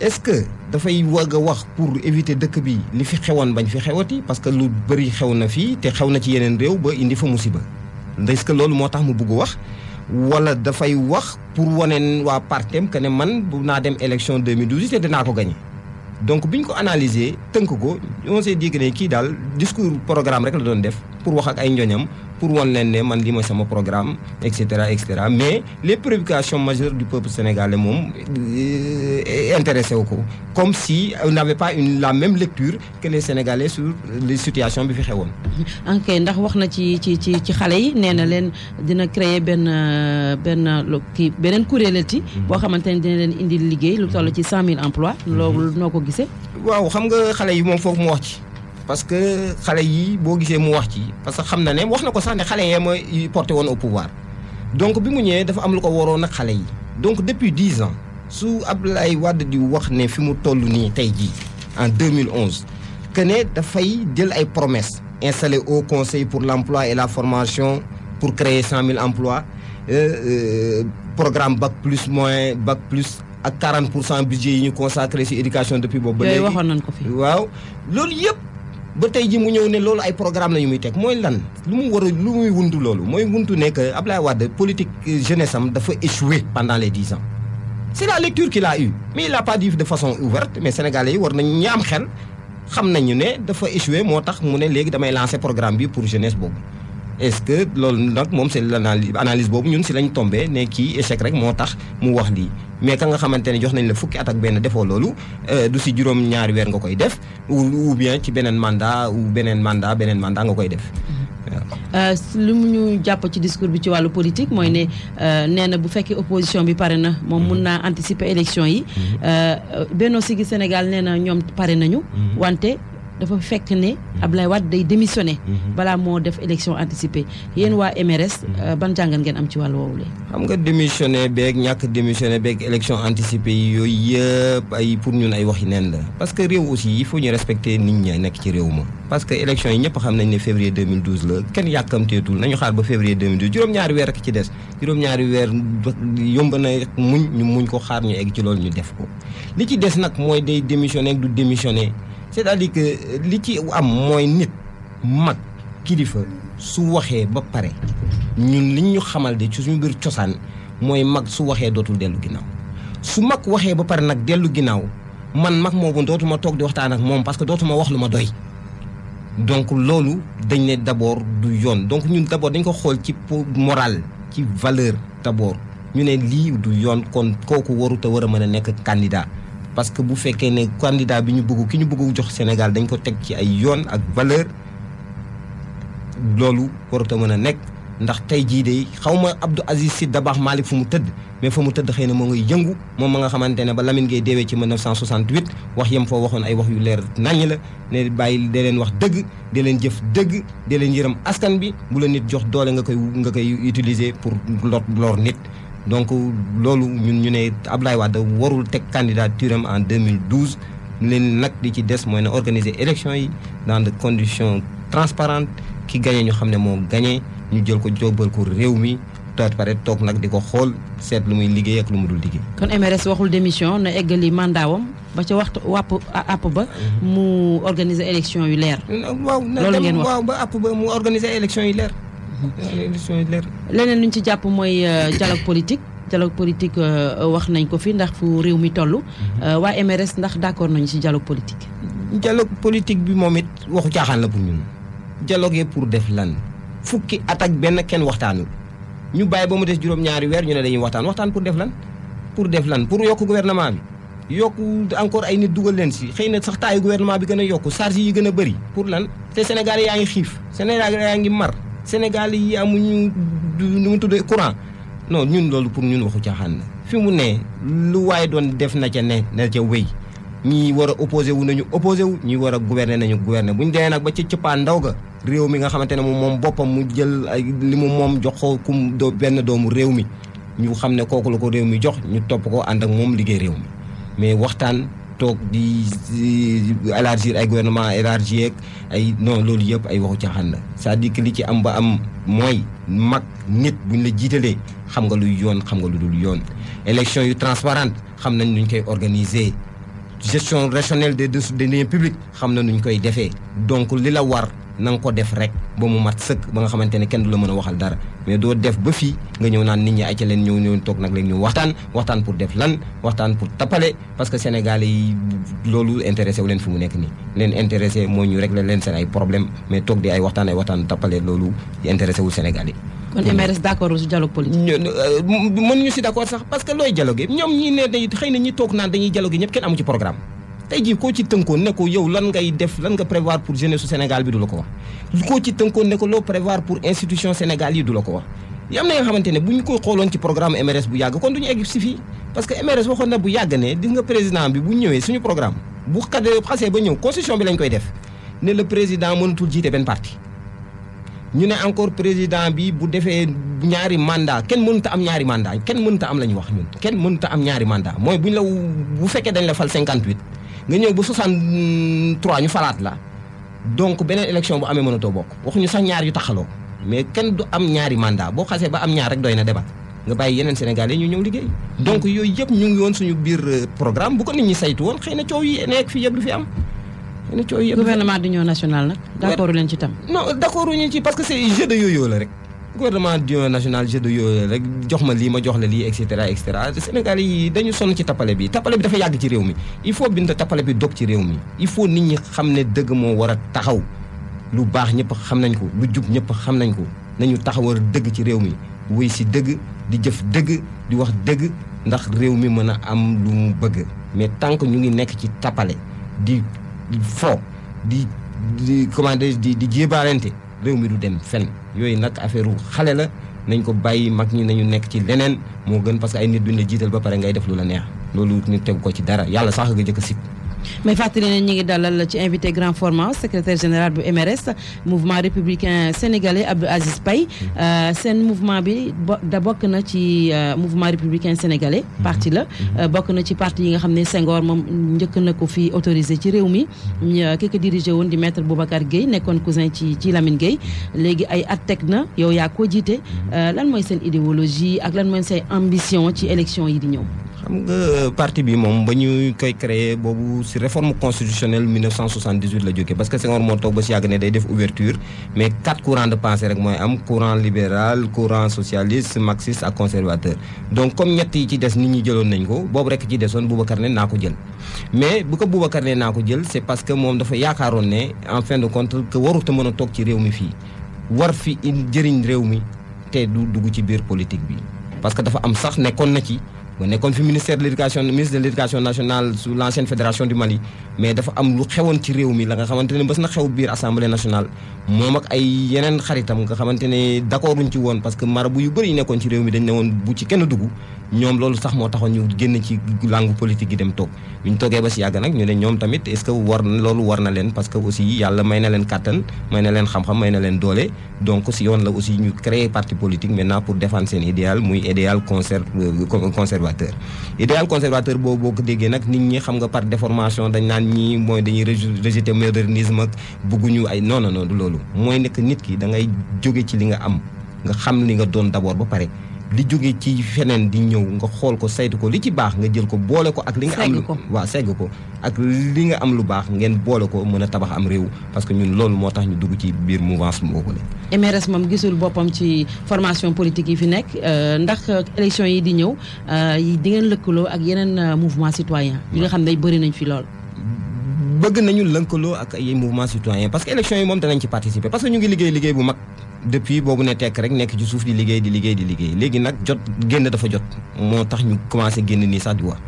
est-ce que dafay wagg a wax pour éviter dëkk bi li fi xewoon bañ fi xewati parce que lu bëri xew na fii te xew na ci yeneen réew ba indi fa musiba est-ce que loolu moo tax mu bugg wax wala dafay wax pour waneen waa partem que ne man bu naa dem élection 2012 te dinaa ko gagné donc bi ñu ko analyser tënk ko on s'est dit que kii daal discours programme rek la doon def pour wax ak ay njoñam pour wan leen ne man li mooy sama programme et cetera et cetera mais les préoccupations majeures du peuple sénégalais moom euh, intéressé wu ko comme si on n'avait pas une la même lecture que les sénégalais sur les situations bi fi xewoon. ok ndax wax na ci ci ci ci xale yi nee na leen dina créer benn benn kii beneen kuréelati. boo xamante ne dina leen indi liggéey lu toll ci cent emplois. Mhm. loolu noo ko gisee. waaw xam nga xale yi moom foofu mu wax ci. parce que xale yi boo gisee mu wax ci parce que xam na ne wax na ko sax ne xale yee ma porté woon au pouvoir donc bi mu ñëwee dafa am lu ko waroon ak xale yi donc depuis dix ans su Abdoulaye Wade di wax ne fi mu toll nii tey jii en 2011 que ne dafay jël ay promesses installé au conseil pour l'emploi et la formation pour créer cent mille emplois euh, euh, programme bac plus moins bac plus ak 40 pour cent budget yi ñu consacré si éducation depuis boobu ba léegi waxoon nañ ko fi waaw loolu yëpp ba tey ji mu ñëw ne loolu ay programme la yu muy teg mooy lan lu mu war a lu muy wuntu loolu mooy wuntu nekk que Ablaye Wade politique euh, jeunesse am dafa échoué pendant les dix ans. c' est la lecture qu'il a eue mais il a pas de façon ouverte mais sénégalais yi war nañu ñi xel xam nañu ne dafa échoué moo tax mu ne léegi damay lancé programme bi pour jeunesse boobu. est-ce que loolu nag moom seen l'analyse analyse boobu ñun si lañ tombé ne kii échec rek moo tax mu wax lii mais ka nga xamante ne jox nañ la fukki at ak benn defoo loolu euh, du si juróom ñaari weer nga koy def ou bien beneen mandat beneen mandat beneen mandat nga koy def. Euh, lu mu ñu jàpp ci discours bi ci wàllu politique mooy ne euh, nee na bu fekkee opposition bi pare na moom mun naa anticiper élection yi. Mm-hmm. benn Siggil Sénégal nee na ñoom pare nañu. Mm-hmm. wante. dafa fekk ab Ablaye Wade day démissionné. Mhm. balaa moo def élection anticipée yéen waa MRS mhm. euh, ban jàngat ngeen am ci wàllu woowu lee xam nga démissionné beeg ñàkk démissionné beeg élection anticipée yi yooyu yëpp ay pour ñun ay waxi neen la parce que réew aussi il faut ñu respecter nit ñi nekk ci réew ma parce que élection yi ñëpp xam nañ ne février 2012 la kenn yàkkamteetul nañu xaar ba février 2012 juróom-ñaari weer rek ci des juróom-ñaari weer yomb na muñ ñu muñ ko xaar ñu egg ci loolu ñu def ko li ci des nag mooy day démissionné du démissionné c'est-à-dire que li ci am mooy nit mag kilifa su waxee ba pare ñun liñ ñu xamal de ci suñu biir cosaan mooy mag su waxee dootul dellu ginnaaw su mag waxee ba pare nag dellu ginnaaw man mag moomu dootuma toog di waxtaan ak moom parce que dootuma wax lu ma doy. donc loolu dañ ne d'abord du yoon donc ñun d'abord dañ ko xool ci moral ci valeur d'abord ñu ne lii du yoon kon kooku warut a war a mën a nekk candidat. parce que bu fekkee ne candidat bi ñu bëgg ki ñu bëgg jox Sénégal dañ ko teg ci ay yoon ak valeur loolu warut mën a nekk ndax tey jii de xaw ma Abdou Aziz Sy Dabakh Malick fu mu tëdd mais fa mu tëdd xëy ne moo ngay yëngu moom ma nga xamante ne ba Lamine Gueye deewee ci mën 1968 wax yam foo waxoon ay wax yu leer naññ la ne bàyyi da leen wax dëgg da leen jëf dëgg da leen yërëm askan bi bu la nit jox doole nga koy nga koy utiliser pour lor lor nit donc loolu ñun ñu ne ab Abdoulaye Wade warul teg candidature am en 2012 leen nag di ci des mooy na organiser élection yi dans condition conditions transparentes ki gagné ñu xam ne moo gagné ñu jël ko jóobal ko réew mi toog toog nag di ko xool seet lu muy liggéey ak lu mu dul liggéey. kon MRS waxul démission na eggali mandaawam ba ca waxtu wàpp àpp ba mhm. mu organiser élection yu leer. loolu ngeen wax waaw ba àpp ba mu organiser élection yu leer. leneen lu ñu ci jàpp mooy euh, *coughs* dialogue politique dialogue politique euh, wax nañ ko fi ndax fu réew mi toll. Mhm. Euh, waa MRS ndax d'accord nañu ci dialogue politique. dialogue politique bi moom it waxu caaxaan la pour ñun. jaloogee pour def lan fukki at ak benn kenn waxtaanul ñu bàyyi ba mu des juróom-ñaari weer ñu ne dañuy waxtaan waxtaan pour def lan. pour def lan pour yokk gouvernement bi yokk encore ay nit dugal leen si xëy na sax taayu gouvernement bi gën a yokk sargi yi gën a bëri. pour lan te yaa ngi xiif Sénégal yaa ngi mar. Sénégal yi amuñu nu mu tuddee courant non ñun loolu pour ñun waxu caaxaan fi mu nee lu waaye doon def na ca ne na ca wéy ñii war a opposé wu nañu opposé wu ñi war a gouverner nañu gouverner bu ñu demee nag ba ci cëppaa ndaw ga réew mi nga xamante ne moom boppam mu jël ay li mu moom jox ko kum benn doomu réew mi ñu xam ne kooku la ko réew mi jox ñu topp ko ànd ak moom liggéey réew mi mais waxtaan toog di élargir ay gouvernement élargi yeeg ay non loolu yëpp ay waxu caaxaan la cest à li ci am ba am mooy mag nit buñ la jiitalee xam nga luy yoon xam nga lu dul yoon élection yu transparente xam nañ ñu koy organiser gestion rationnelle des deux deniers publics xam na nuñ koy defee donc li la war na nga ko def rek ba mu mat sëkk ba nga xamante ne kenn du la mën a waxal dara mais doo def ba fii nga ñëw naan nit ñi ay ca leen ñëw ñëw toog nag leen ñu waxtaan waxtaan pour def lan waxtaan pour tappale parce que sénégalais yi loolu intéressé wu leen fi mu nekk nii leen intéressé mooy ñu régler leen seen ay problème mais toog di ay waxtaan ay waxtaan tappale loolu intéressé wul sénégalais kon MRS d' accord su dialogue politique. Euh, mën ñu si d' accord sax parce que looy dialogue ñoom ñi ne dañuy xëy na toog naan dañuy dialogue ñëpp kenn amu ci programme tey jii koo ci tënkoon ne ko yow lan ngay def lan nga pour jeunesse Sénégal bi du la ko wax koo ci tënkoon ne ko loo prévoir pour institution Sénégal yi du la ko wax yam xamante ne bu ñu koy xooloon ci programme MRS bu yàgg kon du ñu egg si que MRS waxoon bu yàgg ne gis nga président bi bu ñëwee suñu programme bu xade xasee ba ñëw constitution bi lañ koy def ne le président mënatul jiite benn parti ñu ne encore président bi bu defee ñaari mandaa kenn mënut a am ñaari mandat kenn mënut a am la ñu wax ñun kenn mënut a am ñaari mandat mooy bu ñu la bu fekkee dañ la fal 58 nga ñëw ba 63 ñu falaat la donc beneen élection bu amee mënatoo bokk waxuñu sax ñaar yu taxaloo mais kenn du am ñaari mandat boo xasee ba am ñaar rek doy na débat nga bàyyi yeneen sénégalais ñu ñëw liggéey. donc yooyu yëpp ñu ngi woon suñu biir euh, programme bu ko nit ñi saytu woon xay na coow yi nekk fii yëpp du fi am. xëy na coow yi yëpp gouvernement d'union nationale nag. d'accord leen ci tam. non d'accord ñu ci parce que c'est jeu de yooyu la rek. gouvernement d'union nationale jeu de euh, yooyu rek jox ma lii ma jox la lii et cetera et cetera Sénégal yi dañu sonn ci tappale bi tappale bi dafa yàgg ci réew mi il faut binta tappale bi dog ci réew mi il faut nit ñi xam ne dëgg moo war a taxaw lu baax ñëpp xam nañ ko lu jub ñëpp xam nañ ko nañu taxawal dëgg ci réew mi wuy si dëgg di jëf dëgg di wax dëgg ndax réew mi mën a am lu mu bëgg mais tant que ñu ngi nekk ci tappale di fo di di comment di di réew mi du dem fenn yooyu nag affaire xale la nañ ko bàyyi mag ñi nañu nekk ci leneen moo gën parce que ay nit duñ la jiital ba pare ngay def lu la neex loolu nit tegu ko ci dara yàlla sax nga jëkk a sib mais fàttali ne ñu ngi dalal ci invité grand format secrétaire général bu MRS mouvement républicain sénégalais ab Aziz Paye mm-hmm. euh, seen mouvement bi da bokk na ci euh, mouvement républicain sénégalais mm-hmm. parti la mm-hmm. euh, bokk na ci parti yi nga xam ne Senghor moom njëkk na ko fi autorisé ci réew mi ki dirigé woon di maître Boubacar Gueye nekkoon cousin ci ci Lamine Gueye léegi ay at teg na yow yaa ko jiite lan mooy seen idéologie ak lan mooy seen ambition ci élection yi di ñëw xam nga euh, parti bi moom ba ñu koy créer boobu si réforme constitutionnelle 1978 la jógee parce que Senghor moo toog ba si yàgg ne day def ouverture mais quatre courants de pensée rek mooy am courant libéral courant socialiste marxiste ak conservateur donc comme ñett yi ci des nit ñi jëloon nañ ko boobu rek ci desoon Boubacar ne naa ko jël mais bu ko Boubacar ne naa ko jël c'est parce que moom dafa yaakaaroon ne en fin de compte que warut mën a toog ci réew mi fii war fi in jëriñ réew mi te du dugg ci biir politique bi parce que dafa am sax nekkoon na ci mu nekkoon fi ministère de l'éducation ministre de l'éducation nationale sous l'ancienne fédération du Mali mais dafa am lu xewoon ci réew mi la nga xamante ne na xew biir assemblée nationale moom ak ay yeneen xaritam nga xamante ne ci woon parce que marabu yu bëri nekkoon ci réew mi dañ ne woon bu ci kenn dugg ñoom loolu sax moo taxoon ñu génn ci langue politique yi dem toog bi ñu toogee ba si yàgg nag ñu ne ñoom tamit est que war loolu war na leen parce que aussi yàlla may na leen kàttan may na leen xam-xam may na leen doole donc si yoon la euh, par déformation dañ naan naan ñii mooy dañuy rejeter modernisme ak bëgguñu ay non non non loolu mooy nekk nit ki da ngay jóge ci li nga am nga xam li nga doon d'abord ba pare li jóge ci feneen di ñëw nga xool ko saytu ko li ci baax nga jël ko boole ko ak li nga am waaw segg ko ak li nga am lu baax ngeen boole ko mën a tabax am réew parce que ñun loolu moo tax ñu dugg ci biir mouvance boobu la MRS moom gisul boppam ci formation politique yi fi nekk euh, ndax élection yi di ñëw euh, di ngeen lëkkaloo ak yeneen euh, mouvement citoyen yi nga xam bëri nañ fi lool bëgg nañu lënkaloo ak ay mouvement citoyen parce que élection yi moom danañ ci participer parce que ñu ngi liggéey liggéey bu mag depuis boobu ne tekk rek nekk ci suuf di liggéey di liggéey di liggéey léegi nag jot génn dafa jot moo tax ñu commencé génn nii sax di wax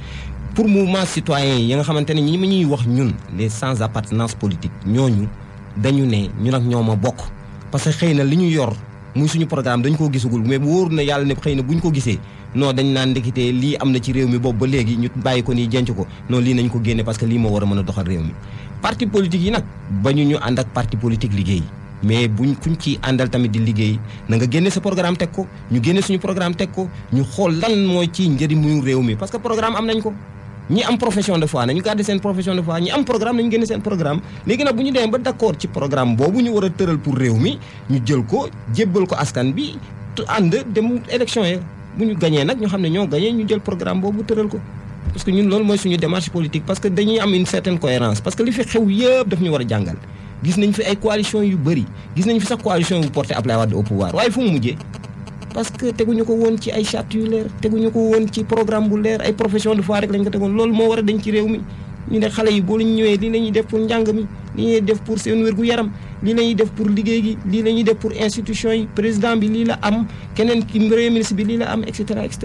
pour mouvement citoyen yi nga xamante ne ñi ma ñuy wax ñun les sans appartenance politique ñooñu dañu ne ñun ak ñoom a bokk parce que xëy na li ñu yor muy suñu programme dañ ko gisagul mais wóor na yàlla ne xëy na bu ñu ko gisee noo dañ naan ndekete lii am na ci réew mi boobu ba léegi ñu bàyyi ko nii jenc ko non lii nañ ko génne parce que lii moo war a mën a doxal réew mi parti politique yi nag bañu ñu ànd ak parti politique liggéey mais buñ kuñ ciy àndal tamit di liggéey na nga génne sa programme teg ko ñu génne suñu teg ko ñu xool lan mooy ci njëriñu réew mi parce que programme am nañ ko ñi am profession de foi nañu garder seen profession de foi ñi am programme nañu génne bu ñu demee ba d'accord ci programme boobu ñu war a tëral pour réew mi ñu jël ko jébbal ko askan bi ànd dem élection yi bu ñu gañee nag ñu xam ne ñoo gañee ñu jël programme boobu tëral ko parce que ñun loolu mooy suñu démarche politique parce que dañuy am une certaine cohérence parce que li fi xew yëpp daf ñu war a jàngal gis nañ fi ay coalition yu bëri gis nañ fi sax coalition bu porté Abdoulaye Wade au pouvoir waaye fu mu mujjee parce que teguñu ko woon ci ay charte yu leer teguñu ko woon ci programme bu leer ay profession de foi rek lañ ko tegoon loolu moo war mi ñu ne xale yi boo ñu ñëwee lii la def pour njàng mi lii la def pour seen wérgu yaram lii la ñuy def pour liggéey gi lii la def pour institution yi président bi lii la am keneen ki premier ministre bi lii la am et cetera et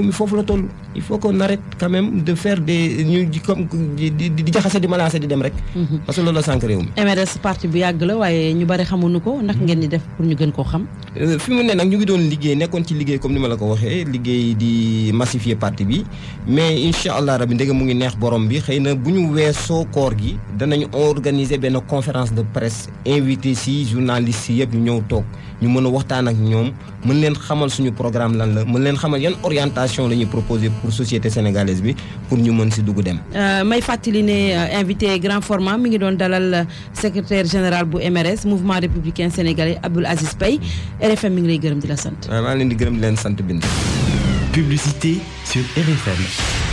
mi foofu la toll il faut qu'on naret quand même de faire des ñu di di jaxase di malancé di dem rek. Mhm. parce que loolu la sànq réew mi. MRS parti bu yàgg la waaye ñu bari xamuñu ko. ndax ngeen di def pour ñu gën koo xam. Euh, fi mu ne nag ñu ngi doon liggéey nekkoon ci liggéey comme ni ma la ko waxee liggéey di massifier parti bi mais incha allah rabi ndege mu ngi neex borom bi xëy na bu ñu weesoo koor gi danañ organiser benn conférence de presse invité si journalistes yi yëpp ñu ñëw toog ñu mën a waxtaan ak ñoom mën leen xamal suñu programme lan la mën leen xamal yan orientation la ñuy proposer pour société sénégalaise bi pour ñu mën si dugg dem. Euh, may fàttali ne euh, invité grand format mi ngi doon dalal euh, secretaire général bu MRS mouvement républicain sénégalais Abdoul Aziz Paye RFM mu ngi lay gërëm di la sant. waaw leen di gërëm leen sant Binta. publicité sur RFM.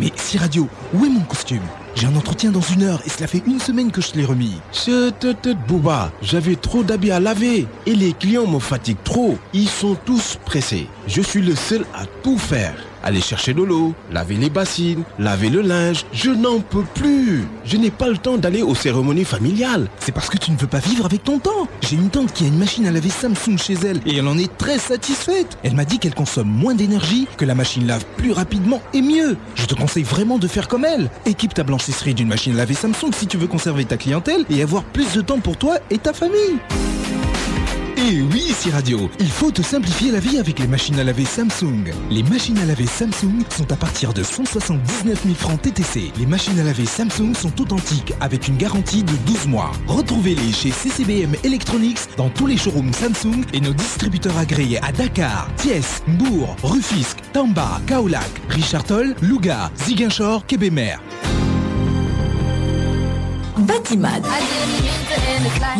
Mais si radio, où est mon costume J'ai un entretien dans une heure et cela fait une semaine que je l'ai remis. Chut, Bouba, j'avais trop d'habits à laver et les clients me fatiguent trop. Ils sont tous pressés. Je suis le seul à tout faire. aller chercher de l'eau, laver les bassines, laver le linge. Je n'en peux plus. Je n'ai pas le temps d'aller aux cérémonies familiales. C'est parce que tu ne veux pas vivre avec ton temps. J'ai une tante qui a une machine à laver Samsung chez elle et elle en est très satisfaite. Elle m'a dit qu'elle consomme moins d'énergie, que la machine lave plus rapidement et mieux. Je te conseille vraiment de faire comme elle. Équipe ta blanchisserie d'une machine à Et eh oui, si radio, il faut te simplifier la vie avec les machines à laver Samsung. Les machines à laver Samsung sont à partir de 179 000 francs TTC. Les machines à laver Samsung sont authentiques avec une garantie de 12 mois. Retrouvez-les chez CCBM Electronics dans tous les showrooms Samsung et nos distributeurs agréés à Dakar, Thiès, Mbourg, Rufisque, Tamba, Kaolac, Richard Toll, Louga, Ziguinchor, Kébémer.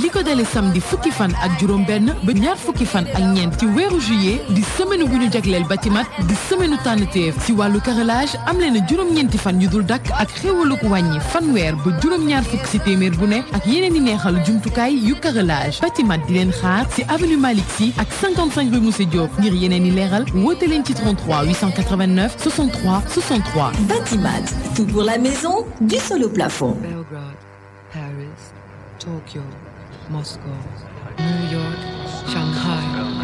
li ko dalee samedi fukki fan ak juróom-benn ba ñaar fukki fan ak ñeent ci weeru juillet di semaine bu ñu jagleel batimat di semaine tànnateef si wàllu carrelage am leen juróom-ñeenti fan yu dul dakk ak xéewaluk wàññi fanweer ba juróom-ñaar fukk si téeméer bu ne ak yeneen i neexal jumtukaay yu carrelage batimat di leen xaar si avenue Malick Sy ak 55 rue Moussa Diop ngir yeneen i leeral woote leen ci 33 889 63 63. batimat tout pour la maison du sol au plafond. Tokyo, Moscow, New York, Shanghai.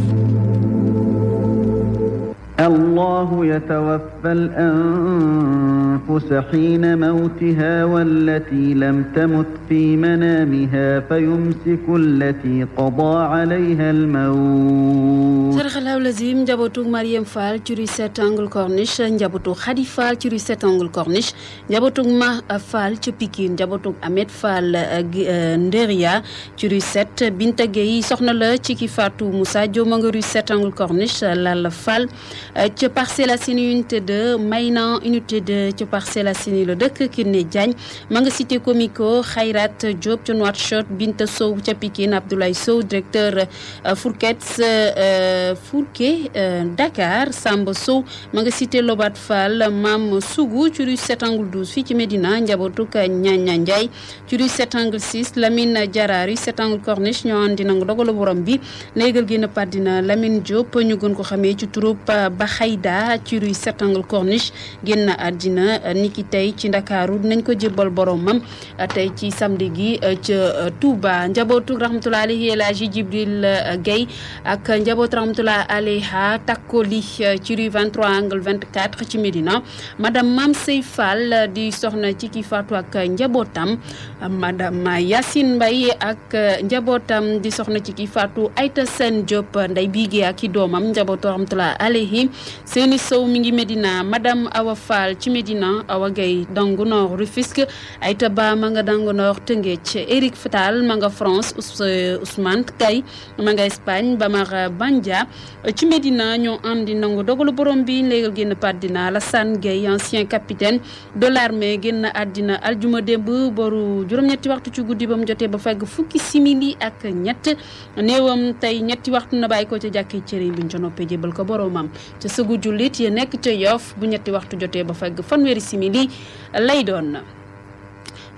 الله يتوفى الأنفس الأنفس حين موتها والتي لم تمت في منامها فيمسك التي قضى عليها الموت saraxalaaw lazim njabootu Mariam Fall ci rue sept angle corniche njabootu Khady Fall ci rue sept angle corniche njabootu Ma Fall ci Pikine njabootu Ahmed Fall euh, Nderia ci rue sept Binta Gueye soxna la ci ki Fatou Moussa Dioma nga rue sept angle corniche Lalla Fall euh, ca Parcelles Assainies unité 2 Maynan unité 2 ci Parcelles Assainies la dëkk Kiné Diagne ma nga cité comico Khayrat Diop ca Nouakchott Binta Sow ca Pikine Abdoulaye Sow directeur euh, Fourquets euh, Fourquet euh, Dakar Samba Sow ma nga cité Lobat Fall Mam Sougou ci rue 7 angle 12 fii ci Médina njabootuk Ñaña Ndiaye ci rue 7 angle 6 Lamine Diarra rue 7 angle Corniche ñoo andi nangu dogalu borom bi léegal génn pàddina Lamine Diop ñu gën ko xamee ci turub Baxayda ci rue 7 Corniche génn àddina niki tey ci ndakaaru nañ ko jébbal boromam tey ci samedi gi uh, ca uh, Touba njabootu rahmatulah alayhi El Hadji Djibril uh, Guèye ak njabootu rahmatulah alayha takko li ci rue 23 angle 24 ci Médina madame Mame Sey Fall di soxna ci ki faatu ak njabootam madame Yacine Mbaye ak njabootam di soxna ci ki faatu Aïta Sène Diop nday biige ak i doomam njabootu rahmatulah alayhi seeni sow mi ngi Médina madame Awa Fall ci Médina na Awa Gueye dangu nord Rufisque ay Ba a nga dangu nord Tëngéej Eric Fatal ma nga France Ousmane Kay ma nga Espagne Bamara Bandia ci Médina ñoo am di nangu dogalu borom bi léegal génn pàddina Lassane Gueye ancien capitaine de mais génn àddina aljuma démb boru juróom-ñetti waxtu ci guddi ba mu jotee ba fegg fukki simili ak ñett néewam tey ñetti waxtu na bàyyi ko ca jàkki cëriñ bi ñu ca noppee jébal ko boromam ca sëgu jullit yi nekk ca Yoff bu fanweeri simili lay doon.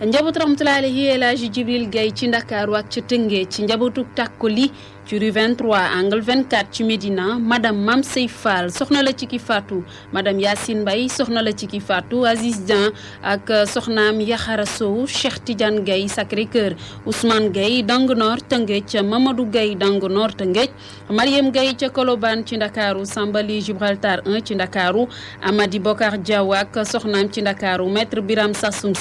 njabootu rahmatullahi alayhi El Hadji Djibril Gaye ci Ndakaaru ak ca Tëngéej ci njabootu tàkko li ci rue 23 angle 24 ci Médina madame Mam Sey Fall soxna la ci ki faatu madame Yacine mbay soxna la ci ki faatu Aziz Dian ak euh, soxnaam Yaxara Sow Cheikh Tidiane Gaye Sacré Cœur Ousmane Gaye Dangu Nord Tëngéej Mamadou Gaye Dangu Nord Tëngéej Mariam Gaye ca koloban ci Ndakaaru Sambali Gibraltar ci Ndakaaru Amady Bokar Diaw ak soxnaam ci Ndakaaru maître Biram Sassoum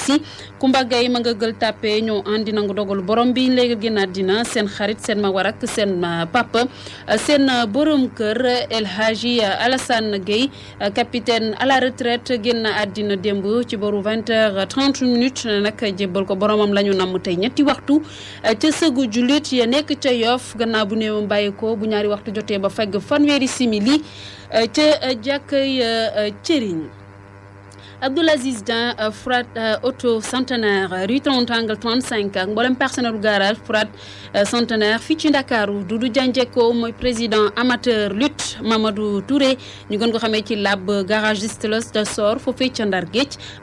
Kumba Gueye ma nga gël tàppe ñoo andi nangu dogalu borom bi léegi génn àddina seen xarit seen ma warak seen euh, papa euh, seen euh, borom kër El Hadji Alassane Gueye capitaine à la retraite génn àddina démb ci boru 20 heures 30 minutes nag jébbal ko boromam la ñu namm tey ñetti waxtu ca sëgu jullit ya nekk ca yof gannaaw bu néewam bàyyi ko bu ñaari waxtu jotee ba fegg fanweeri simili ca jàkkay cëriñ Abdoulaziz Dieng euh, Fourat euh, auto centenaire rue 30 angle 35 ak mboolem personnel garage Fourat euh, centenaire fii ci Ndakaaru du Doudou Dianjeko mooy président amateur lutte Mamadou Touré ñu gën ko xamee ci lab garagiste la de sor foofee ca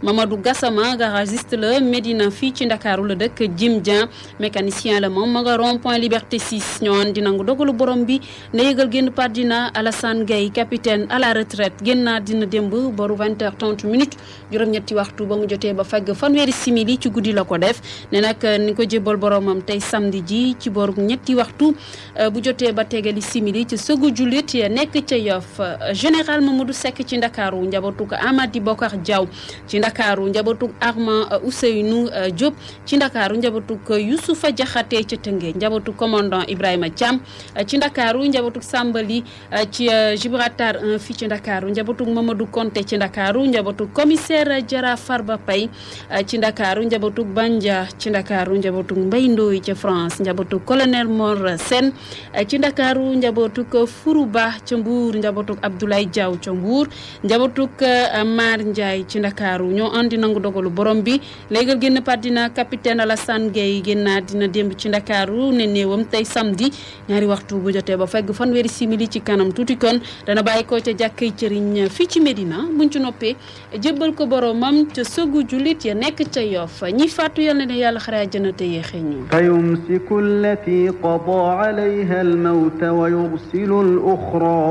Mamadou Gassama garagiste la Médina fii ci Ndakaaru la dekk Jim Dieng mécanicien la moom ma nga rond point Liberté 6 ñoo an di nangu dogalu borom bi na yëgal génn dina Alassane Gueye capitaine à la retraite génn naa dina démb boru 20 heures 30 juróom-ñetti waxtu ba mu jotee ba fagg fanweeri simili ci guddi la ko def ne nag eh, ni ko jébbal boromam tey samedi ji ci boor ñetti waxtu eh, bu jotee ba tegali simili ci sëgu jullit nekk ca Yoff général Mamadou Seck ci ndakaaru njabootug Amady Bokar Diaw ci ndakaaru njabootug Armand eh, Ousseynou Diop ci ndakaaru njabootug Youssoufa Diakhaté ca Tëngéej njabootug commandant Ibrahima Thiam ci ndakaaru njabootug Sambali ci Gibraltar 1 ci ndakaaru njabootug Mamadou ci ndakaaru njabootug commissaire Jara ba Pay eh, ci Ndakaaru njabootug Banja ci Ndakaaru njabootug Mbay Ndooy ca France njabootug colonel Mor Sène eh, ci Ndakaaru njabootug Furu Ba ca Mbuur njabootug Abdoulaye Diaw ca Mbuur njabootug eh, Mar Ndiaye ci Ndakaaru ñoo andi nangu dogalu borom bi léegi génn pàddina capitaine Alassane Gueye génnaat dina démb ci Ndakaaru ne néewam tey samedi ñaari waxtu bu jotee ba fegg fanweeri simili ci kanam tuuti kon dana bàyyi ko ca jàkkay cëriñ fii ci Médina buñ jébbal ko boromam ca sëggu jullit ya nekk ca Yoff ñi faatu yal na leen yàlla xare àjjana te yéexe ñu fa yumsiku allati qadaa alayha almawta wa yursilu al-uxra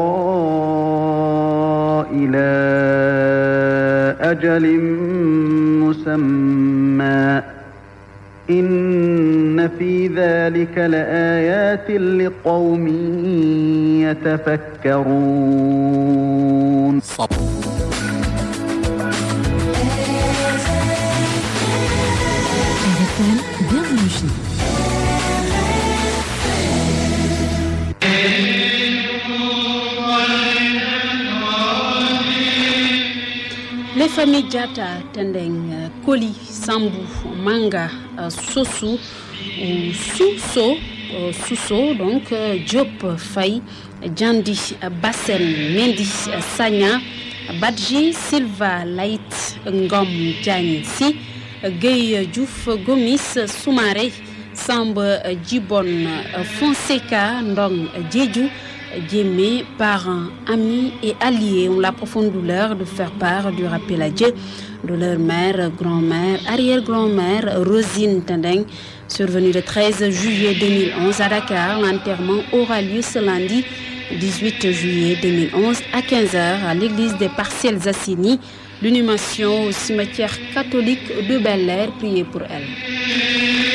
ila ajalin musamma inna fi dhalika la ayatin li qawmin yatafakkaruun Ndeye Famy Diatta Tendeng Koli Sambou Manga Sossou Sousso Sousso donc Diop Faye Diandi Bassène Mendy Sagna Badji Silva Laït Ngom Diagne Sy Gueye Diouf Gomis Soumaré Samb Djibon Fonseca Ndong Diédhiou Diémé par un et allié ont la douleur de faire part du rappel à Dieu de leur mère, grand-mère, arrière-grand-mère, Rosine Tendeng, survenue le juillet à Dakar. à h à l'église des Parcelles Assini. L'inhumation au cimetière catholique de Bel Air, priez pour elle.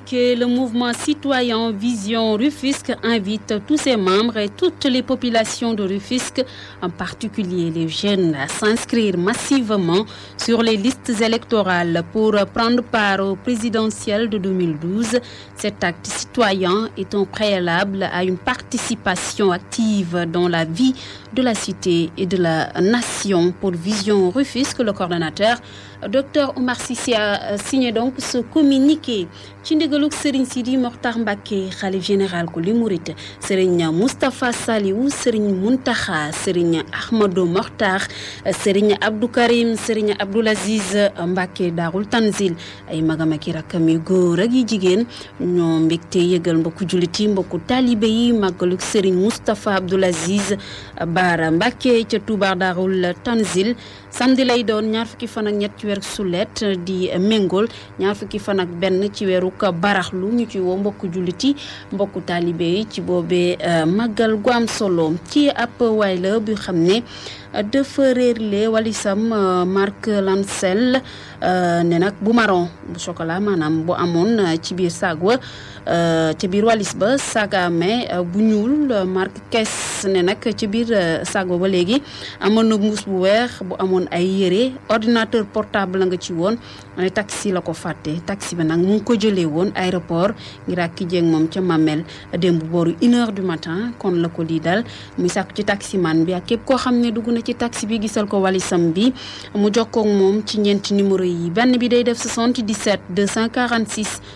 communiqué, le mouvement citoyen Vision Rufisque invite tous ses membres et toutes les populations de Rufisque, en particulier les jeunes, à s'inscrire massivement sur les listes électorales pour prendre part au présidentiel de 2012. Cet acte citoyen est un préalable à une participation active dans la vie de la cité et de la nation. Pour Vision Rufisque, le coordonnateur docteur Oumar Cissé a euh, signé donc ce communiqué ci ndigalug Serigne Sidi Mokhtar Mbacké xalif général ku li murit Serigne Moustapha Saliou Serigne Mountakha Serigne Ahmadou Mokhtar euh, Serigne Abdou Karim Serigne Abdoul Aziz euh, Mbacké Daarul Tanzil ay magam ak i góor ak yi jigéen ñoo mbégte yëgal mbokku jullit yi mbokku taalibe yi màggalug Serigne Moustapha Abdoul Aziz Bara Mbacké ca Touba Tanzil samedi lay doon ñaar fukki fan ak ñett ci weeru sulet di méngool ñaar fukki fan ak benn ci weeru baraxlu ñu ci woo mbokku jullit yi mbokku taalibe yi ci boobee euh, màggal gu am solo ci ab waay la bu xam ne. dafa réerle walisam euh, Marc Lancel euh, ne nag bu marron bu chocolat maanaam bu amoon euh, ci biir saag wa ci biir walis ba saaga amee bu ñuul Marc Kees ne nag ci biir saag ba ba léegi amoon na mbuus bu weex bu amoon ay yére ordinateur portable la nga ci woon taxi la ko fàtte taxi ba nag mu ko jëlee woon aéroport ngir ak moom ca Mamel démb booru une heure du matin kon la ko lii dal muy sàkk ci taximan bi ak képp koo xam ne dugg na ci taxi bi gisal ko walisam bi mu jokkoog moom ci ñeenti numéro yi benn bi day def 77 246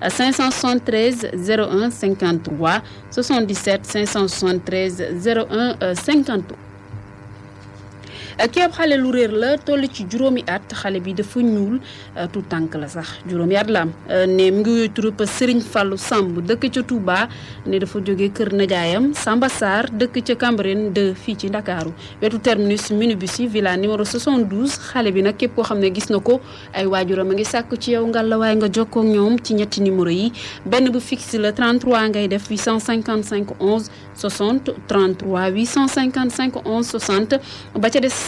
à 573 01 53 77 573 01 53. kii ab xale lu réer la toll ci juróomi at xale bi dafa ñuul euh, tout tànk la sax juróomi at la euh, ne mu ngi woy turub Serigne Fallou Samb dëkk ca Touba ne dafa jóge kër najaayam Samba Sarr dëkk ca Cambérène de fii ci Ndakaaru wetu terminus minibus yi villa numéro 72 xale bi nag képp ko xam ne gis na ko ay waajuram a ngi sàkk ci yow ngal la waaye nga jokkoo ñoom ci ñetti numéro yi benn bu fixe la 33 ngay def 855 11 60 33 855 11 60 ba ca des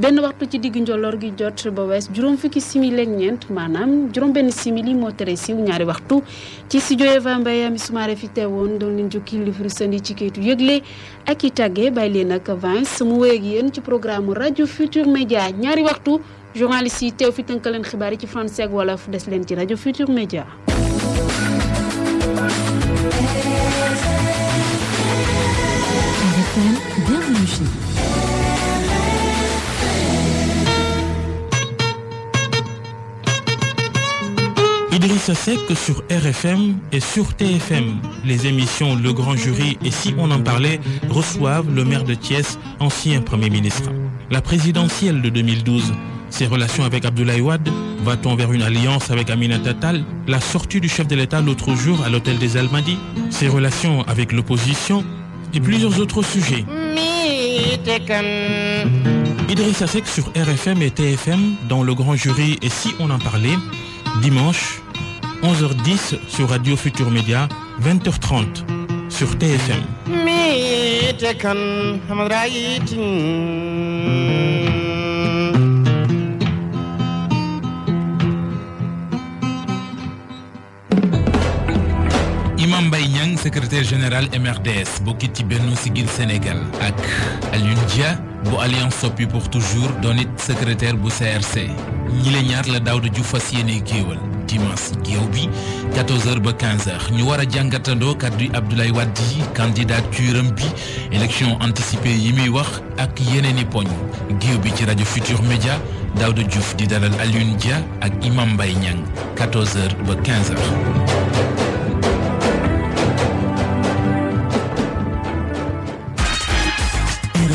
benn waxtu ci digg njoloor gi jot ba wees juróom fukki simili ak ñeent maanaam juróom benn simili moo tere siiw ñaari waxtu ci studio Eva Mbaye Ami Soumaré fi teewoon doon leen jukki livre sandi ci kayitu yëgle ak i tàgge bàyyi leen ak Vince mu wéy ak yéen ci programme rajo Futur Média ñaari waxtu journaliste yi teew fi tënk xibaar yi ci français wala fu des leen ci rajo Futur Média. Idrissa Seck sur RFM et sur TFM. Les émissions Le Grand Jury et Si on en parlait reçoivent le maire de Thiès, ancien Premier ministre. La présidentielle de ses relations avec Abdoulaye Wade, va-t-on vers une alliance avec Aminata Tal, la sortie du chef de l'État l'autre jour à l'hôtel des Almadies, ses relations avec l'opposition et plusieurs autres sujets. Idrissa Seck sur RFM et TFM dans Le Grand Jury et Si on en parlait dimanche 11h10 sur Radio Futur Média, 20h30 sur TFM. Kane général MRDS bokkit ci Benno Siggil Sénégal ak Alioune Dia bu Alliance Soppi pour toujours doon it bu CRC ñile ñaar la Daouda Diouf fas yéene géewal dimanche géew bi 14 ba 15 ñu war a jàngatandoo kàddu Abdoulaye Wade yi candidature am bi élection anticipée yi muy wax ak yeneen i poñ géew bi ci rajo Futur Média Daouda Diouf di dalal Alioune Dia ak Imam Mbaye Niang 14h ba 15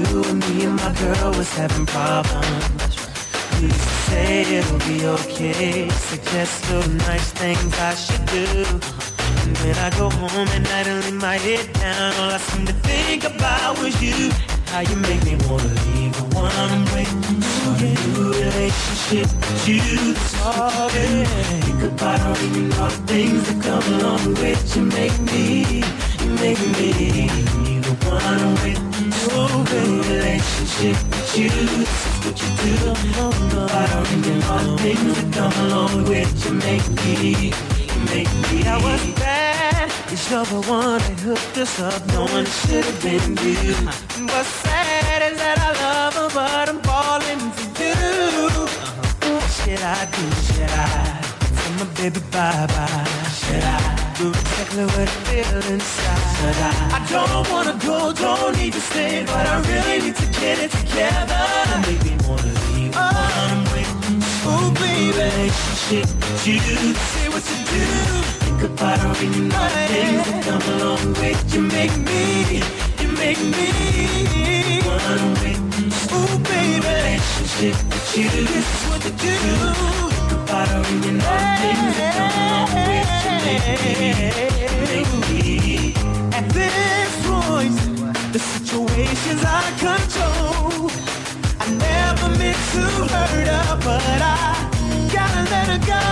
too me and my girl was having problems You used to say be okay Suggest little nice things I should do when I go home at night and lay my head down All I seem to think about was you How you make me wanna leave the one a new with you make me, you make me The one with open relationship with you. This is what you do. No, I don't even know the things that come along with you. Make me, you make me. I was bad. Cause you're the one that hooked us up. No one should have been you. And what's sad is that I love her, but I'm falling for you. What should I do? Should I tell my baby bye bye? Should I? through exactly what I feel inside. I, I don't wanna go, don't need to stay, but I really need to get it together. Make me wanna leave. Oh, I'm waiting. Ooh, baby. Relationship with you. Say what you do. Think about her when you know the things that come along with you. Make me, you make me wanna wait. Ooh, baby. Relationship with you. This is what they do. bottom, you know things are the situation's out control. I never meant to hurt her, but I gotta let her go.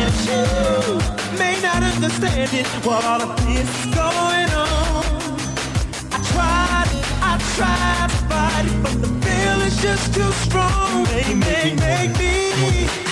And you may not understand it, what all of this going on. I tried, I tried to the feel is too strong. They make, make me.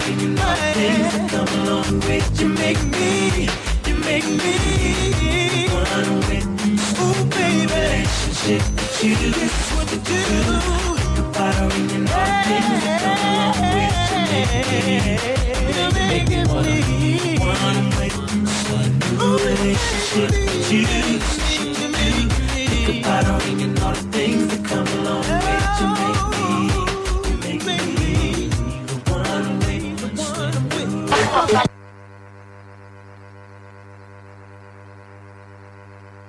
giving you all things that come along with. You make me, you make me run with. Ooh, baby, relationship with you, this is what you do. The bottling and all things that come along with. You make me, you make me wanna run with. Ooh, relationship with you, this is what you do. The bottling and all the things that come along with. You make